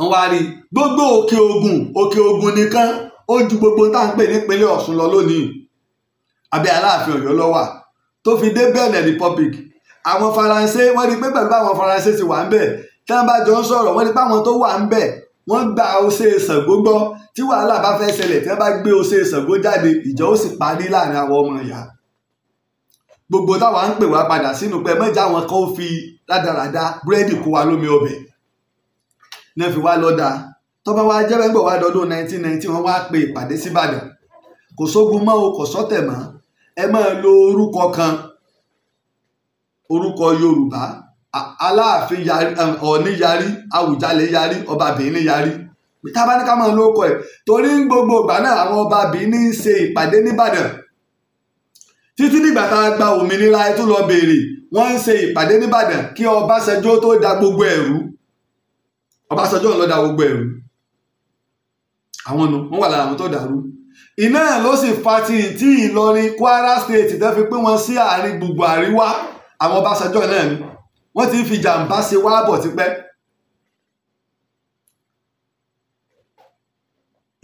wọ́n wá rí gbogbo òkè ogun òkè ogun nìkan ó ju gbogbo tá à ń pè nípínlẹ̀ Ọ̀ṣun lọ lónìí abẹ́ Aláàfin Ọ̀yọ́ ló wà tó fi dé Benin Republic àwọn Faransé wọ́n rí pé pẹ̀lú àwọn Faransé ti wà ń bẹ̀ tí wọ́n bá jọ ń sọ̀rọ̀ wọ́n rí pé àwọn tó wà ń bẹ̀ wọ́n gba ose Ṣàngó gbọ́ tí wàhálà bá fẹ́ ṣẹlẹ̀ tí wọ́n bá gbé ose Ṣàngó jáde ìjọ ó sì parí láàrin àwọn ọmọ ìyá gbogbo táwa ń pè wá padà sínú pé mẹ́jà wọn kò fi rádaràda búrẹ́dì kó wa lómi ọbẹ̀ náà fi wá lọ́dà tó bá wá jẹ́ bẹ́ńgbọ̀ wá dọdún 1990 wọ́n wá pe ìpàdé síbàdàn kò sógun mọ́ o kò sọ́tẹ̀ mọ́ ẹ máa lo orúkọ kan orúkọ yorùbá aláàfin yari ọ̀ọ́ni yarí àwùjalè yari ọba bìíní yarí tábánikà máa ló kọ ẹ̀ torí gbogbo ìgbà náà àwọn ọba bìíní ń ṣe ìpàdé nìbàdàn títí dìgbà tá a gba òmìnira ẹ tó lọ béèrè wọ́n ń ṣe ìpàdé nìbàdàn kí ọbaṣẹjọ́ tó da gbogbo ẹ̀rú Ọbásanjọ́ ń lọ da gbogbo ẹ̀rú àwọn nu wọ́n wà lára àwọn tó dàrú iná ló sì fa ti ti Ìlọrin Kwara State tẹ́ fi pín wọn sí àárín gbogbo àríwá àwọn Ọbásanjọ́ náà ni wọ́n ti fi jàǹbá ṣe wá bọ̀ tipẹ́.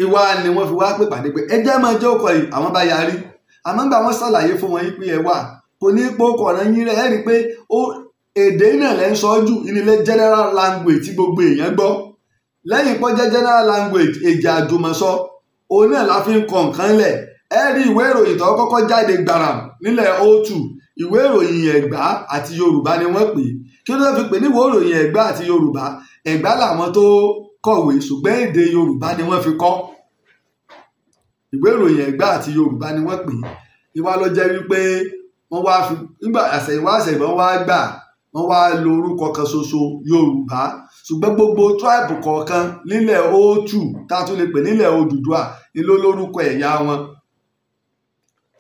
ìwà ni wọ́n fi wá pè pàdé pé ẹ jẹ́ máa jẹ́ ọkọ̀ yìí àwọn bá yarí àmọ́ gbà wọ́n ṣàlàyé fún wọn yìí pé ẹ wà kò ní pé ó kọ̀ọ̀rọ̀ yín rẹ̀ ẹ́ rí i pé èdè náà lẹ́ ń sọ jù ìnílẹ̀ general language tí gbogbo èèyàn gbọ́ lẹ́yìn pọ́jẹ́ general language èdè àjùmọ̀sọ òun náà la fi ń kọ nǹkan lẹ̀ ẹ rí ìwé ìròyìn tó kọ́kọ́ jáde gbàràm nílẹ̀ O2 ìwé ìròyìn Ẹ̀gbá àti Yorùbá ni wọ́n pè kí ló fi pè ní ìwé ìròyìn Ẹ̀gbá àti Yorùbá Ẹ̀gbá làwọn tó kọ̀wé ṣùgbọ́n èdè Yorùbá ni wọ́n fi kọ́ ìwé ìròyìn Ẹ̀gbá àti Yorùbá ni wọ́n pè ìwà ló jẹ́ wípé wọ́n wá fi nígbà àṣẹ̀yìnwá àṣẹ̀yìnbọn wá gbà wọ́n wá lo orúkọ kan ṣoṣo yorùbá ṣùgbọ́n gbogbo tíráìbù kọ̀ọ̀kan nílẹ̀ òòtù tá a tún lè pè nílẹ̀ òdùdúà ni ló lórúkọ ẹ̀yà wọn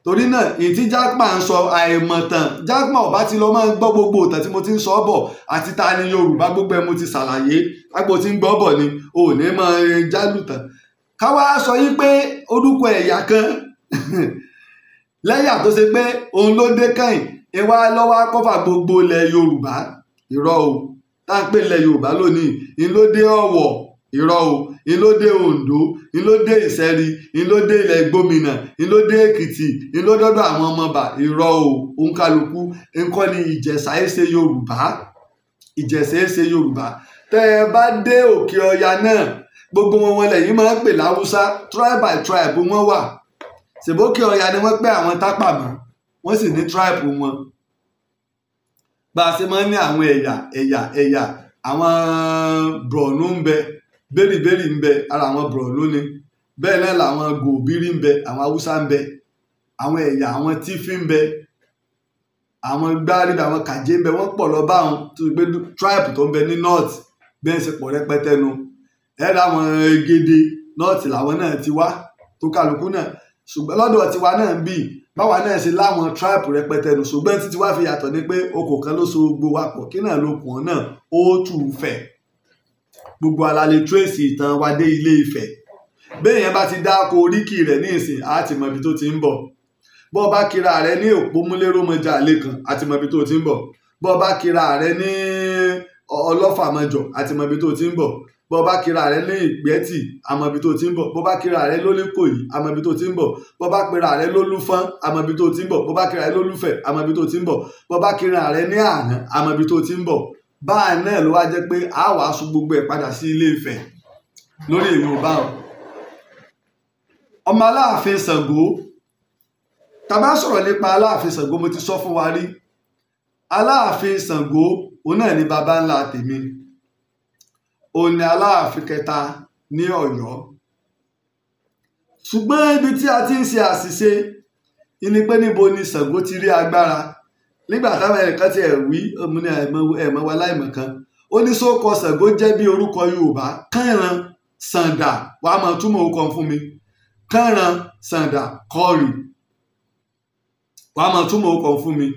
torí náà ìtí jágbà ń sọ àìmọ̀tàn jágbà ọ̀bá ti lọ máa ń gbọ́ gbogbo ìtàn tí mo ti ń sọ bọ̀ àti ta ni yorùbá gbogbo ẹ̀ mo ti ṣàlàyé lágbo tí ń gbọ́ bọ̀ ni ò ní máa jálùtàn káwá sọ yí pé orúkọ ẹ̀yà kan lẹ́yà tó ṣe pé òun ló dé kẹ́yìn ìwà lọ́wọ́ akọ́fà gbogbo ilẹ̀ yorùbá irọ́ o tá à ń pè ilẹ̀ yorùbá lónìí ìlódé ọ̀wọ̀ irọ́ o ìlódé ondo ìlódé ìṣẹ́rí ìlódé ilẹ̀ gbómìnà ìlódé èkìtì ìlódọ́dọ̀ àwọn ọmọọba irọ́ o òǹkàlùkù ńkọ́ ni ìjẹ̀ṣà ẹ̀ṣẹ̀ yorùbá ìjẹ̀ṣà ẹ̀ṣẹ̀ yorùbá tẹ́ ẹ bá dé òkè ọya náà gbogbo wọn wọn lẹ́yìn máa ń pè láwùsá tribe by tribe wọn wà ṣèbókè ọya ni wọ́n pẹ́ àwọn tápà wọ́n sì ní tribe wọn bá a ṣe máa ń ní àwọn ẹ̀yà ẹ̀yà ẹ̀yà àwọn Borno ń bẹ bẹ́rìbẹ́rì ń bẹ ara àwọn Borno ni bẹ́ẹ̀ náà làwọn gòbírí ń bẹ àwọn Haúsá ń bẹ àwọn ẹ̀yà àwọn tífì ń bẹ àwọn gbárí àwọn kàjé ń bẹ wọ́n pọ̀ lọ bá àwọn tó gbé tribe tó ń bẹ ní north bẹ́ẹ̀ ṣe pọ̀ rẹpẹtẹ nu ẹ̀ láwọn egede north làwọn náà ti wá tó kálukú náà ṣùgbọ́n lọ́dọ̀ tiwa náà ń bì báwa náà ṣe láwọn tribe rẹpẹtẹ nù ṣùgbọ́n títí wá fi yàtọ̀ ni pé okò kan ló so gbogbo wa pọ̀ kí náà lókun náà ó tù ú fẹ̀ gbogbo alalẹ̀ trace ìtàn wa dé ilé Ifẹ̀ béèyàn bá ti dá ko oríkì rẹ̀ ní ìsìn á ti mọ ibi tó ti ń bọ̀ bọ́ọ̀ bá kira rẹ̀ ní òpómúlérómọjà lẹ́kàn á ti mọ ibi tó ti ń bọ̀ bọ́ọ̀ bá kira rẹ̀ ní ọlọ́fàmọjọ á ti tó ti ń bọ̀ bó bá kíra rẹ ní ìgbẹ́tì àmọ́ ibi tó ti ń bọ̀ bó bá kíra rẹ lólíkòyí àmọ́ ibi tó ti ń bọ̀ bó bá kíra rẹ lólúfọ́n àmọ́ ibi tó ti ń bọ̀ bó bá kíra rẹ lólúfẹ̀ àmọ́ ibi tó ti ń bọ̀ bó bá kíra rẹ ní àná àmọ́ ibi tó ti ń bọ̀ báà náà ló wá jẹ́ pé a wàá sún gbogbo ẹ̀ padà sí ilé Ifẹ̀ lórí èmi ò bá ọ. ọmọ aláàfin Ṣàngó tàbá sọ̀rọ̀ nípa aláàfin Ṣàngó mo ti sọ fún wa rí aláàfin Ṣàngó òun náà ni baba ńlá tèmi òun ni aláàfin kẹta ní Ọ̀yọ́ ṣùgbọ́n ibi tí a ti ń ṣe àṣìṣe ni pé níbo ni Ṣàngó ti rí agbára nígbà táwọn ẹnìkan ti ẹ̀ wí ọmọdé ẹ̀mọ́ wa láìmọ̀ kan ó ní sókọ Ṣàngó jẹ́ bí orúkọ Yorùbá kànràn sàǹdà wàá máa túmọ̀ orúkọ fún mi kànràn sàǹdà kọrì wàá máa túmọ̀ orúkọ fún mi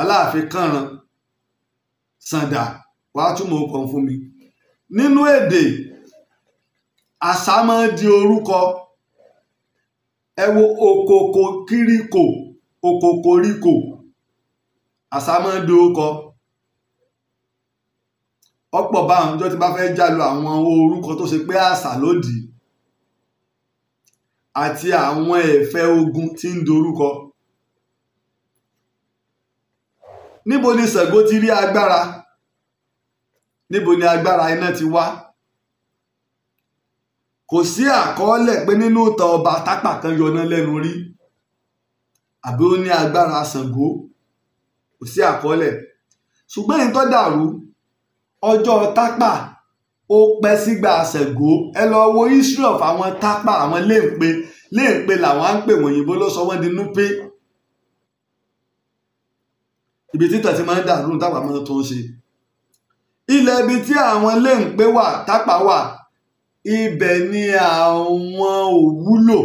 Aláàfin kànràn sàǹdà wàá túmọ̀ orúkọ fún mi nínú èdè àṣà máa di orúkọ ẹ wo òkòkò kíríkò òkòkò ríkò àṣà máa di orúkọ ọ̀pọ̀ báwọn ọjọ́ tí bá fẹ́ jálu àwọn orúkọ tó ṣe pé àṣà lòdì àti àwọn ẹ̀fẹ́ ogun tí ń dorúkọ níbo ni Ṣàngó ti rí agbára níbo ni agbára iná ti wá kò sí àkọọ́lẹ̀ pé nínú ìtàn ọba tápà kan yọná lẹ́nu rí àbí ó ní agbára Ṣàngó kò sí àkọọ́lẹ̀ ṣùgbọ́n èyí tó dàrú ọjọ́ tápà ó pẹ́ sígbà Ṣàngó ẹ lọ wo history of àwọn tápà àwọn léèpé léèpé làwọn á ń pè wọ̀nyìnbó ló sọ wọ́n di núpé ibi títọ̀ ti máa ń dàrú tápà máa ń ṣe ilẹ̀ ibi tí àwọn ilé ń pé wà tápà wà ibẹ̀ ni àwọn òwúlò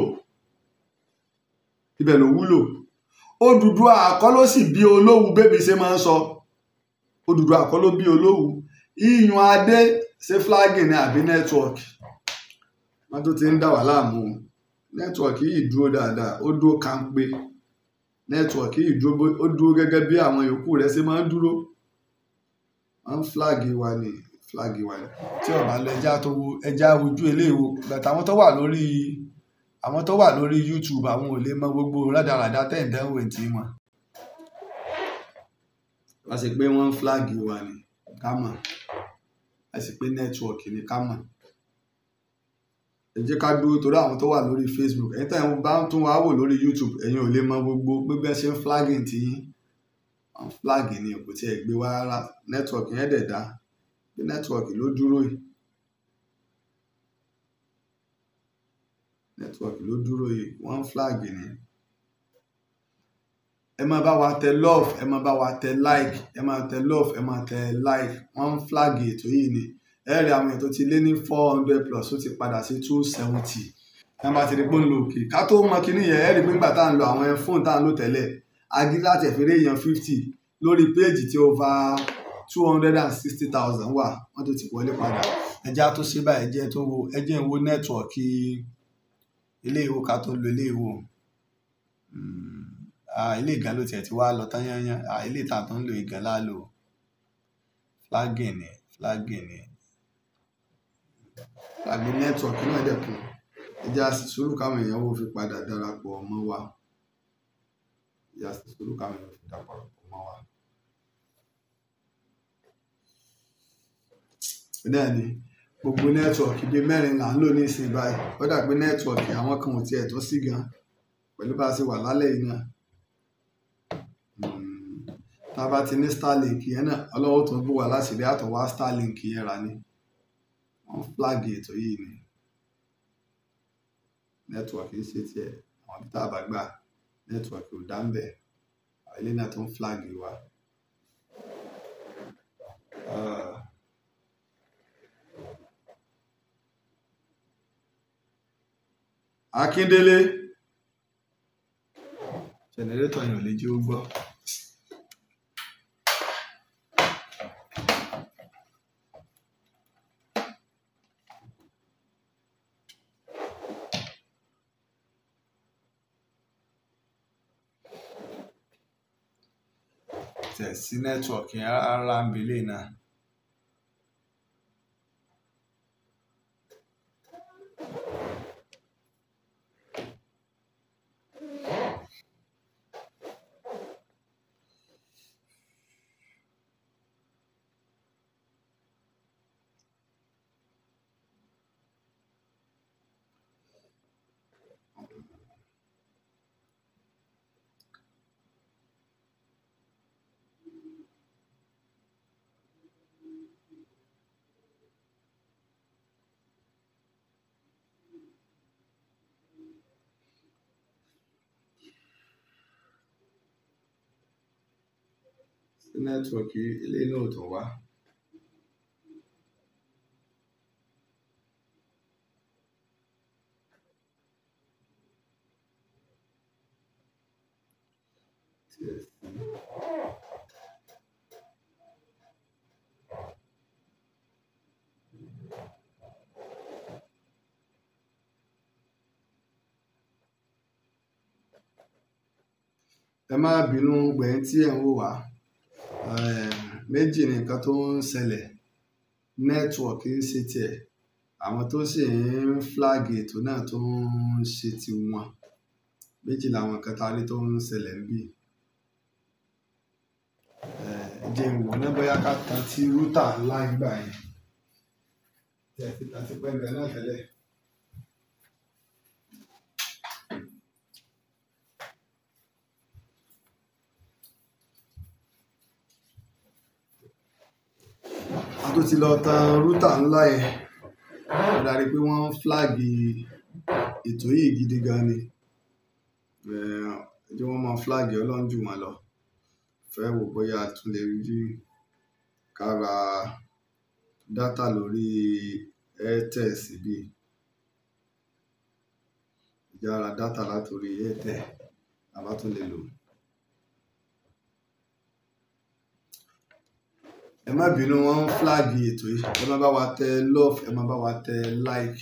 ibẹ̀ ló wúlò Odùduwà àkọ́ ló sì bí olówu bébí ṣe máa ń sọ Odùduwà àkọ́ ló bí olówu iyùn adé ṣe flagging ni àbí nẹ́tíwọ̀kì wọ́n tó ti ń dà wá láàmú nẹ́tíwọ̀kì yìí dúró dáadáa ó dúró kánpé nẹ́tíwọ̀kì yìí dúró gẹ́gẹ́ bí àwọn yòókù rẹ̀ ṣe máa ń dúró wọ́n flag wa ni flag wa ni tí ọba lọ ẹja tó wo ẹja ojú eléwo but àwọn tó wà lórí àwọn tó wà lórí YouTube àwọn ò lè mọ gbogbo rádaràda tẹ̀ǹdẹ́wò tí wọn. wọ́n sì pé wọ́n flag wa ni ká mọ̀ sì pé network ni ká mọ̀ ká dúró torí àwọn tó wà lórí Facebook ẹ̀yin tẹ̀yìn bá tún wá wò lórí YouTube ẹ̀yin ò lè mọ gbogbo gbígbẹ́ ṣe ń flagging tiyín flag ni kò tiẹ̀ gbé wá rárá nẹ́tíwọ̀kì yẹn dẹ̀ dá pé nẹ́tíwọ̀kì ló dúró yìí nẹ́tíwọ̀kì ló dúró yìí wọ́n flag ni ẹ máa bá wa tẹ love ẹ máa bá wa tẹ like ẹ máa tẹ love ẹ máa tẹ like One flag ètò yìí ni ẹ rí àwọn ètò ti lé ní four hundred plus ó ti padà sí two seventy ẹ máa ti rí pé ń lo òkè ká tó mọ kinní yẹn ẹ rí pé ńgbà tá à ń lo àwọn fóònù tá à ń lò tẹ́lẹ̀ agila tẹ̀fẹ́rẹ́ èèyàn fifty lórí péèjì tí over two hundred and sixty thousand wà wọ́n tó ti wọlé padà ẹjẹ́ tó ṣe báyìí ẹjẹ́ tó wo ẹjẹ́ ń wo nẹ́tíwọ̀kì ilé ìwò ká tó lo ilé ìwò hmm, ilé ìgá ló tiẹ̀ ti wá lọ tán yányán ilé ìta tó ń lo ìgá láàlò flagging ni flagging ni tàbí nẹ́tíwọ̀kì náà dẹ̀kun ẹjẹ́ àṣìṣúrù káwọn èèyàn wo fi padà darapọ̀ mọ́ wa. ya sùúrù káwọn èèyàn fi dàpọ̀ mọ́ wa. bẹ́ẹ̀ ni gbogbo nẹ́tíwọ̀kì bíi mẹ́rin là ń lò ní ìsìn báyìí ó dàgbé nẹ́tíwọ̀kì àwọn kan ò tiẹ̀ tó sí gan pẹ̀lú bá a ṣe wà lálẹ́ yìí náà tá a bá ti ní starlink yẹn náà ọlọ́wọ́ tó ń network ò dá ń bẹ̀ ilé náà tó ń flag wa. Uh, Akíndélé jẹnẹrétọ̀ yẹn ò lè jẹ́ ó gbọ́. tẹ̀ sí nẹ́tíwọ̀kì rárá ń bi náà. nẹ́tíwọ̀kì ilé náà ò tún wá. ẹ má bínú gbẹ̀yìn tí ẹ̀ ń wò wá méjì ni nǹkan tó ń ṣẹlẹ̀ network ń ṣe tiẹ̀ àwọn tó sì ń flag ètò náà tó ń ṣe tiwọn méjì làwọn nǹkan tá a rí tó ń ṣẹlẹ̀ ń bì jẹ́ ìwọ̀ náà bóyá ká tan ti rúta ńlá gbà yẹn jẹ́ fi tàti pẹ́ńbẹ́ náà tẹ́lẹ̀. tó ti lọ tan rútà ńlá yẹn ó darí pé wọ́n ń flagi ètò yìí gidi gan ni ẹjọ́ wọ́n máa flagi ọlọ́run jù wọ́n lọ fẹ́ wò bóyá a tún lè rí kára dátà lórí airtel síbí ìjára dátà látòrí airtel àbá tún ẹ má bínú wọn ń flag ètò yìí ẹ má bá wa tẹ love ẹ má bá wa tẹ like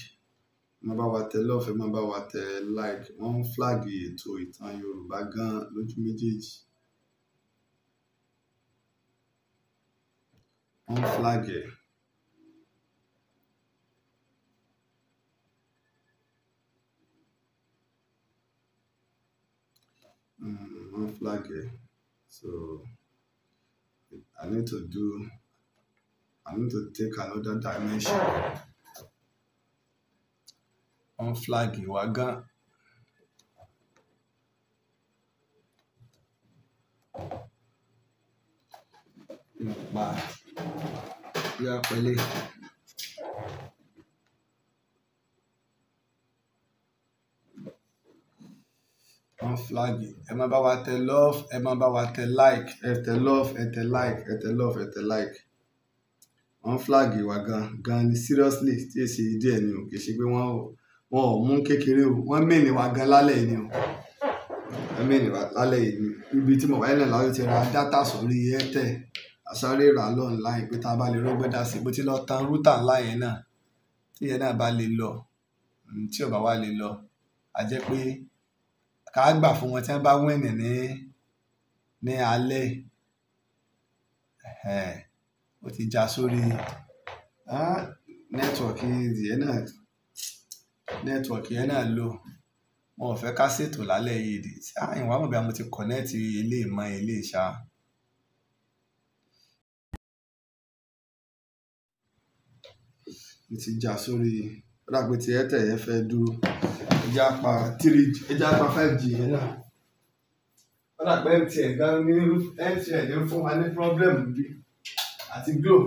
ẹ má bá wa tẹ love ẹ má bá wa tẹ like wọn ń flag ètò ìtàn Yorùbá gan lójú méjèèjì wọn ń flag ẹ. Mm, one flag here. So I need to do, I need to take another dimension. Wọ́n flag wa gan. Nípa bí apẹ̀lẹ́. unflagging ẹ máa bá wa tẹ love ẹ máa bá wa tẹ like ẹ tẹ love ẹ tẹ like ẹ tẹ love ẹ tẹ like unflagging wa gan gan seriously tí èsì díẹ̀ ni o kì í ṣe pé wọ́n wọn ò mú kékeré o wọ́n mẹ́ni wa gan lálẹ́ yìí ni o wọ́n mẹ́ni wa lálẹ́ yìí ni ibi tí mobile náà ti ra dátà sórí airtel àsáré rà lọ online pé ta a bá lè rọgbẹ́ si sí bó ti lọ tan rúta ńlá yẹn náà tí yẹn náà bá lè lọ tí ò bá wá lè lọ a jẹ́ pé ká gbà fún wọn tí wọ́n bá wẹ̀nì ní ní alẹ́ ó ti já sórí nẹ́tíwọ̀kì ìdíyẹ náà nẹ́tíwọ̀kì yẹn náà lò wọn ò fẹ́ ká ṣètò lálẹ́ yìí dì sí àyìnwá mọ̀ bí mo ti kọ̀nẹ́ẹ̀tì ilé ìmọ̀ ilé ìṣá. mo ti já sórí ó dà pé ti airtel yẹn fẹ́ dúró ẹja pa three ẹja pa five g yẹn náà ó dà pé mtn gan ní mtn yẹn fún wa ní problem bí àti glo.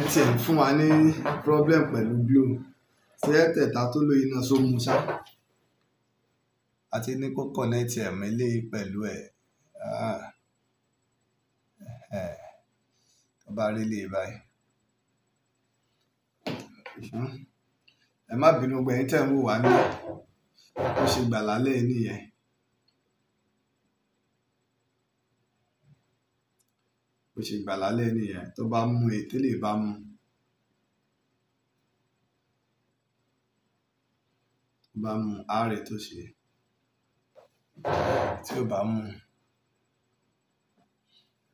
mtn fún wa ní problem pẹ̀lú glo ṣé airtel ta tó lóye náà só mu ṣá àti ní kó connect ẹ̀mí lé pẹ̀lú ẹ̀. tó bá rí lè hmm. Ẹ má bínú gbogbo ẹ̀yin ń wò ní bó ṣe gbà lálẹ́ nìyẹn. Bó ṣe gbà lálẹ́ nìyẹn tó bá mú e, bá mú. bá mú tó ṣe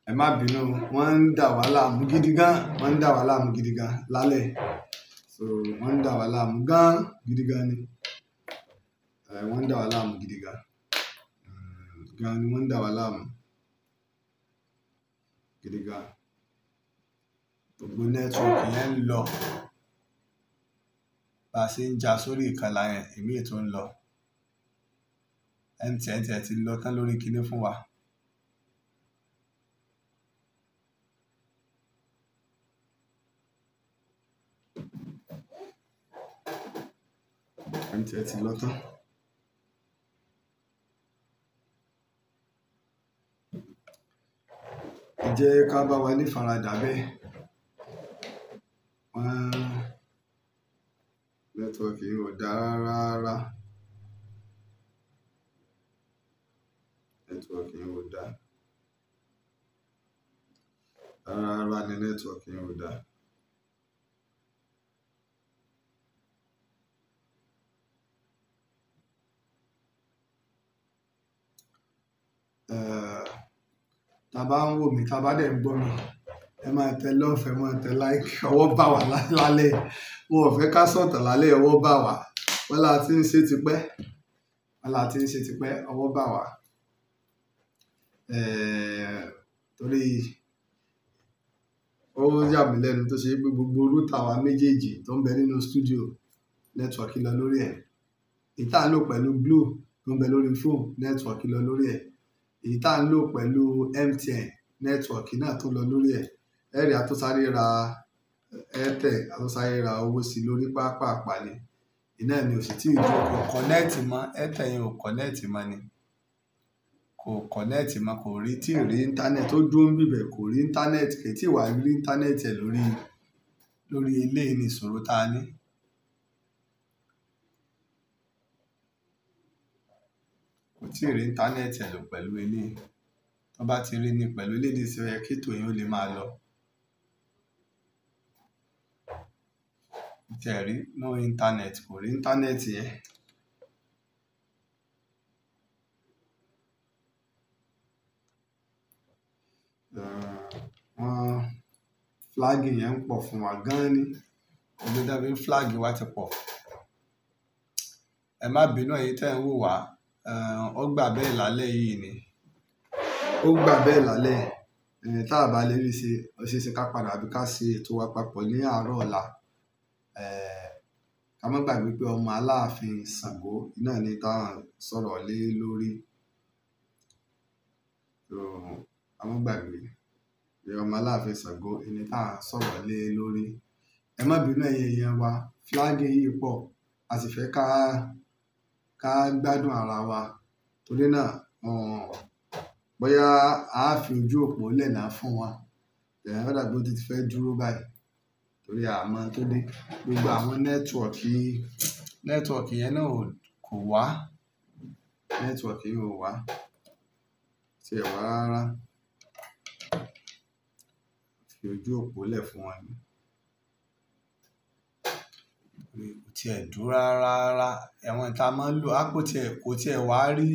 ẹ má bínú wọ́n ń dà wá láàmú gidi gan wọ́n ń dà wá láàmú gidi gan lálẹ́ so wọ́n ń dà wá láàmú gan gidi gan ni wọ́n ń dà wá láàmú gidi gan hmm, gan ni wọ́n ń dà wá láàmú gidi gan gbogbo nẹ́tíwọ́ọ̀kì yẹn ń lọ bá a ṣe ń ja sórí ìkànnì yẹn èmi ètò ń lọ mtn ti lọ tán lórí kinní fún wa. tiẹ̀ ti lọ tán. Ẹ jẹ́ ká bá wa ní faradà bẹ́ẹ̀. Wọ́n nẹ́tíwọ́ọ̀kì ò dára rárá. Nẹ́tíwọ́ọ̀kì ò dára. Rárá ni nẹ́tíwọ́ọ̀kì ò dára. Eh, tá a bá ń wò mí tá a bá dẹ̀ ń gbọ́ mi ẹ máa tẹ lọ́ọ̀fẹ́ máa tẹ láìkì ọwọ́ bá wà lálẹ́ wọn ò fẹ́ ká sọ̀tàn lálẹ́ ọwọ́ bá wà wọn là ti ń ṣe tipẹ́ wọn là ti ń ṣe tipẹ́ ọwọ́ bá wà eh, torí ó yà mí lẹ́nu tó ṣe pé gbogbo rúta wa méjèèjì tó ń bẹ nínú stúdíò nẹ́tíwọ̀kì lọ lórí ẹ̀ ìta lò pẹ̀lú glo tó ń bẹ lórí fóònù nẹ́tíwọ̀kì lọ lórí ẹ̀ èyí tá à ń lò pẹ̀lú MTN nẹ́tíwọ̀kì náà tó lọ lórí ẹ̀ ẹ̀rì àtúnṣáré ra airtel àtúnṣáré ra owó sí lórí pápá àpàlẹ iná mi ò sì tí ì dúró kò kọ́nẹ́ẹ̀tì mọ́ airtel yẹn ò kọ́nẹ́ẹ̀tì mọ́ ni kò kọ́nẹ́ẹ̀tì mọ́ kò rí tí ì rí íńtánẹ́ẹ̀tì ó dúró ń bìbẹ̀ kò rí íńtánẹ́ẹ̀tì kò tí ì wà rí íńtánẹ́ẹ̀tì ẹ̀ lórí lórí eléyìí ni ìṣòro tá a ní. kò tíì rí Íńtánẹ́ẹ̀tì ẹ̀ lò pẹ̀lú eléyìí. Tó bá ti rí ní pẹ̀lú eléyìí nísìnyí ó yẹ kí ètò ó lè máa lọ. Kò rí no Íńtánẹ́ẹ̀tì, kò rí Íńtánẹ́ẹ̀tì yẹn. Wọ́n flag yẹn ń pọ̀ fún wa gan ni. Ibi tí wọ́n fi ń wa ti pọ̀. Ẹ má bínú ẹ̀yin tí ẹ̀ ń wò wá. ọ gbà bẹ́ẹ̀ lálẹ́ yìí ni ó gbà bẹ́ẹ̀ lálẹ́ tá a bá lè rí ṣe ó ṣeé ṣe ká wa papọ̀ ní àárọ̀ ọ̀la ká má gbàgbé pé ọmọ aláàfin náà ni tá à ń sọ̀rọ̀ lé lórí ká má gbàgbé pé ọmọ aláàfin ni tá à ń sọ̀rọ̀ lé lórí ẹ má bínú ẹ̀yin èèyàn wa fílágì yìí pọ̀ a sì fẹ́ ká. ká gbádùn ara wa torí náà bóyá a fi ojú òpó lẹ́nà fún wa ẹ̀yìn ọ̀dà bó ti fẹ́ dúró báyìí torí àmọ́ tó dé gbogbo àwọn nẹ́tíwọ̀kì nẹ́tíwọ̀kì yẹn náà kò wá nẹ́tíwọ̀kì yìí ò wá tiẹ̀ wá rárá fi ojú òpó lẹ̀ fún wa ni pé kò tiẹ̀ dùn rárá rárá. Àwọn ta máa ń lò á kò tiẹ̀, kò tiẹ̀ wá rí,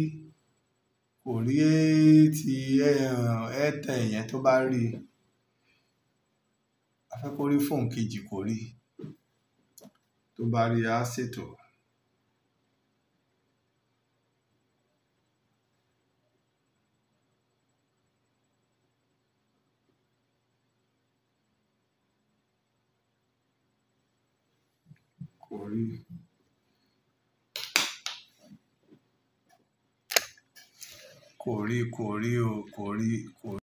kò rí ti Airtel yẹn tó bá rí. A fẹ́ kejì kò rí. Tó bá rí, a ṣètò. 果粒果粒果粒哦果粒果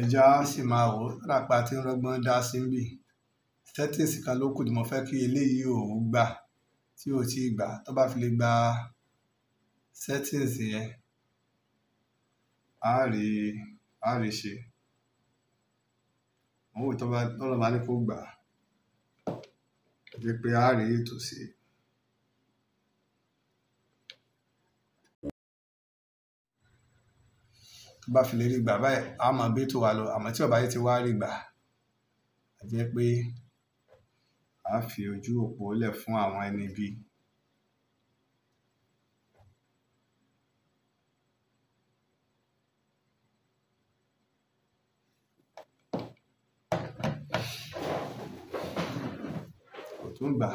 ẹja á sì máa wò ó lápá tí ń rọ́gbọ́n dá sí ń bì settings kan ló kù tí mo fẹ́ kí eléyìí ò gbà tí ò tí ì gbà tó bá fi lè gba settings yẹn á rí á rí ṣe òun tó bá lọ́nà bá ní kó gbà á jẹ́ pé á rí bá fi lè rí gbà báyìí a mọ̀ bí tó wà lọ àmọ́ tí ọba yìí ti wá rí gbà á jẹ́ pé a fi ojú òpó lẹ̀ fún àwọn ẹni bí. kò tún gbà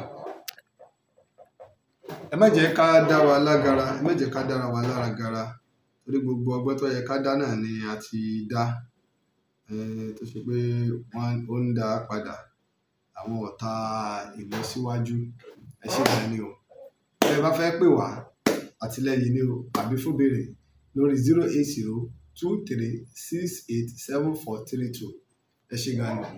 ẹ má jẹ́ ká dá wa lágara ẹ má jẹ́ ká dára wa lára gara torí gbogbo ọgbọ́n tó yẹ ká dá náà ni a ti dá tó ṣe pé wọ́n ó ń dá padà àwọn ọ̀tá ìlọsíwájú ẹ ṣe bẹ́ẹ̀ ni o ẹ bá fẹ́ pè wá àtìlẹ́yìn ni o àbí fún béèrè lórí zero eight zero two three six eight seven four three two ẹ ṣe gan ni.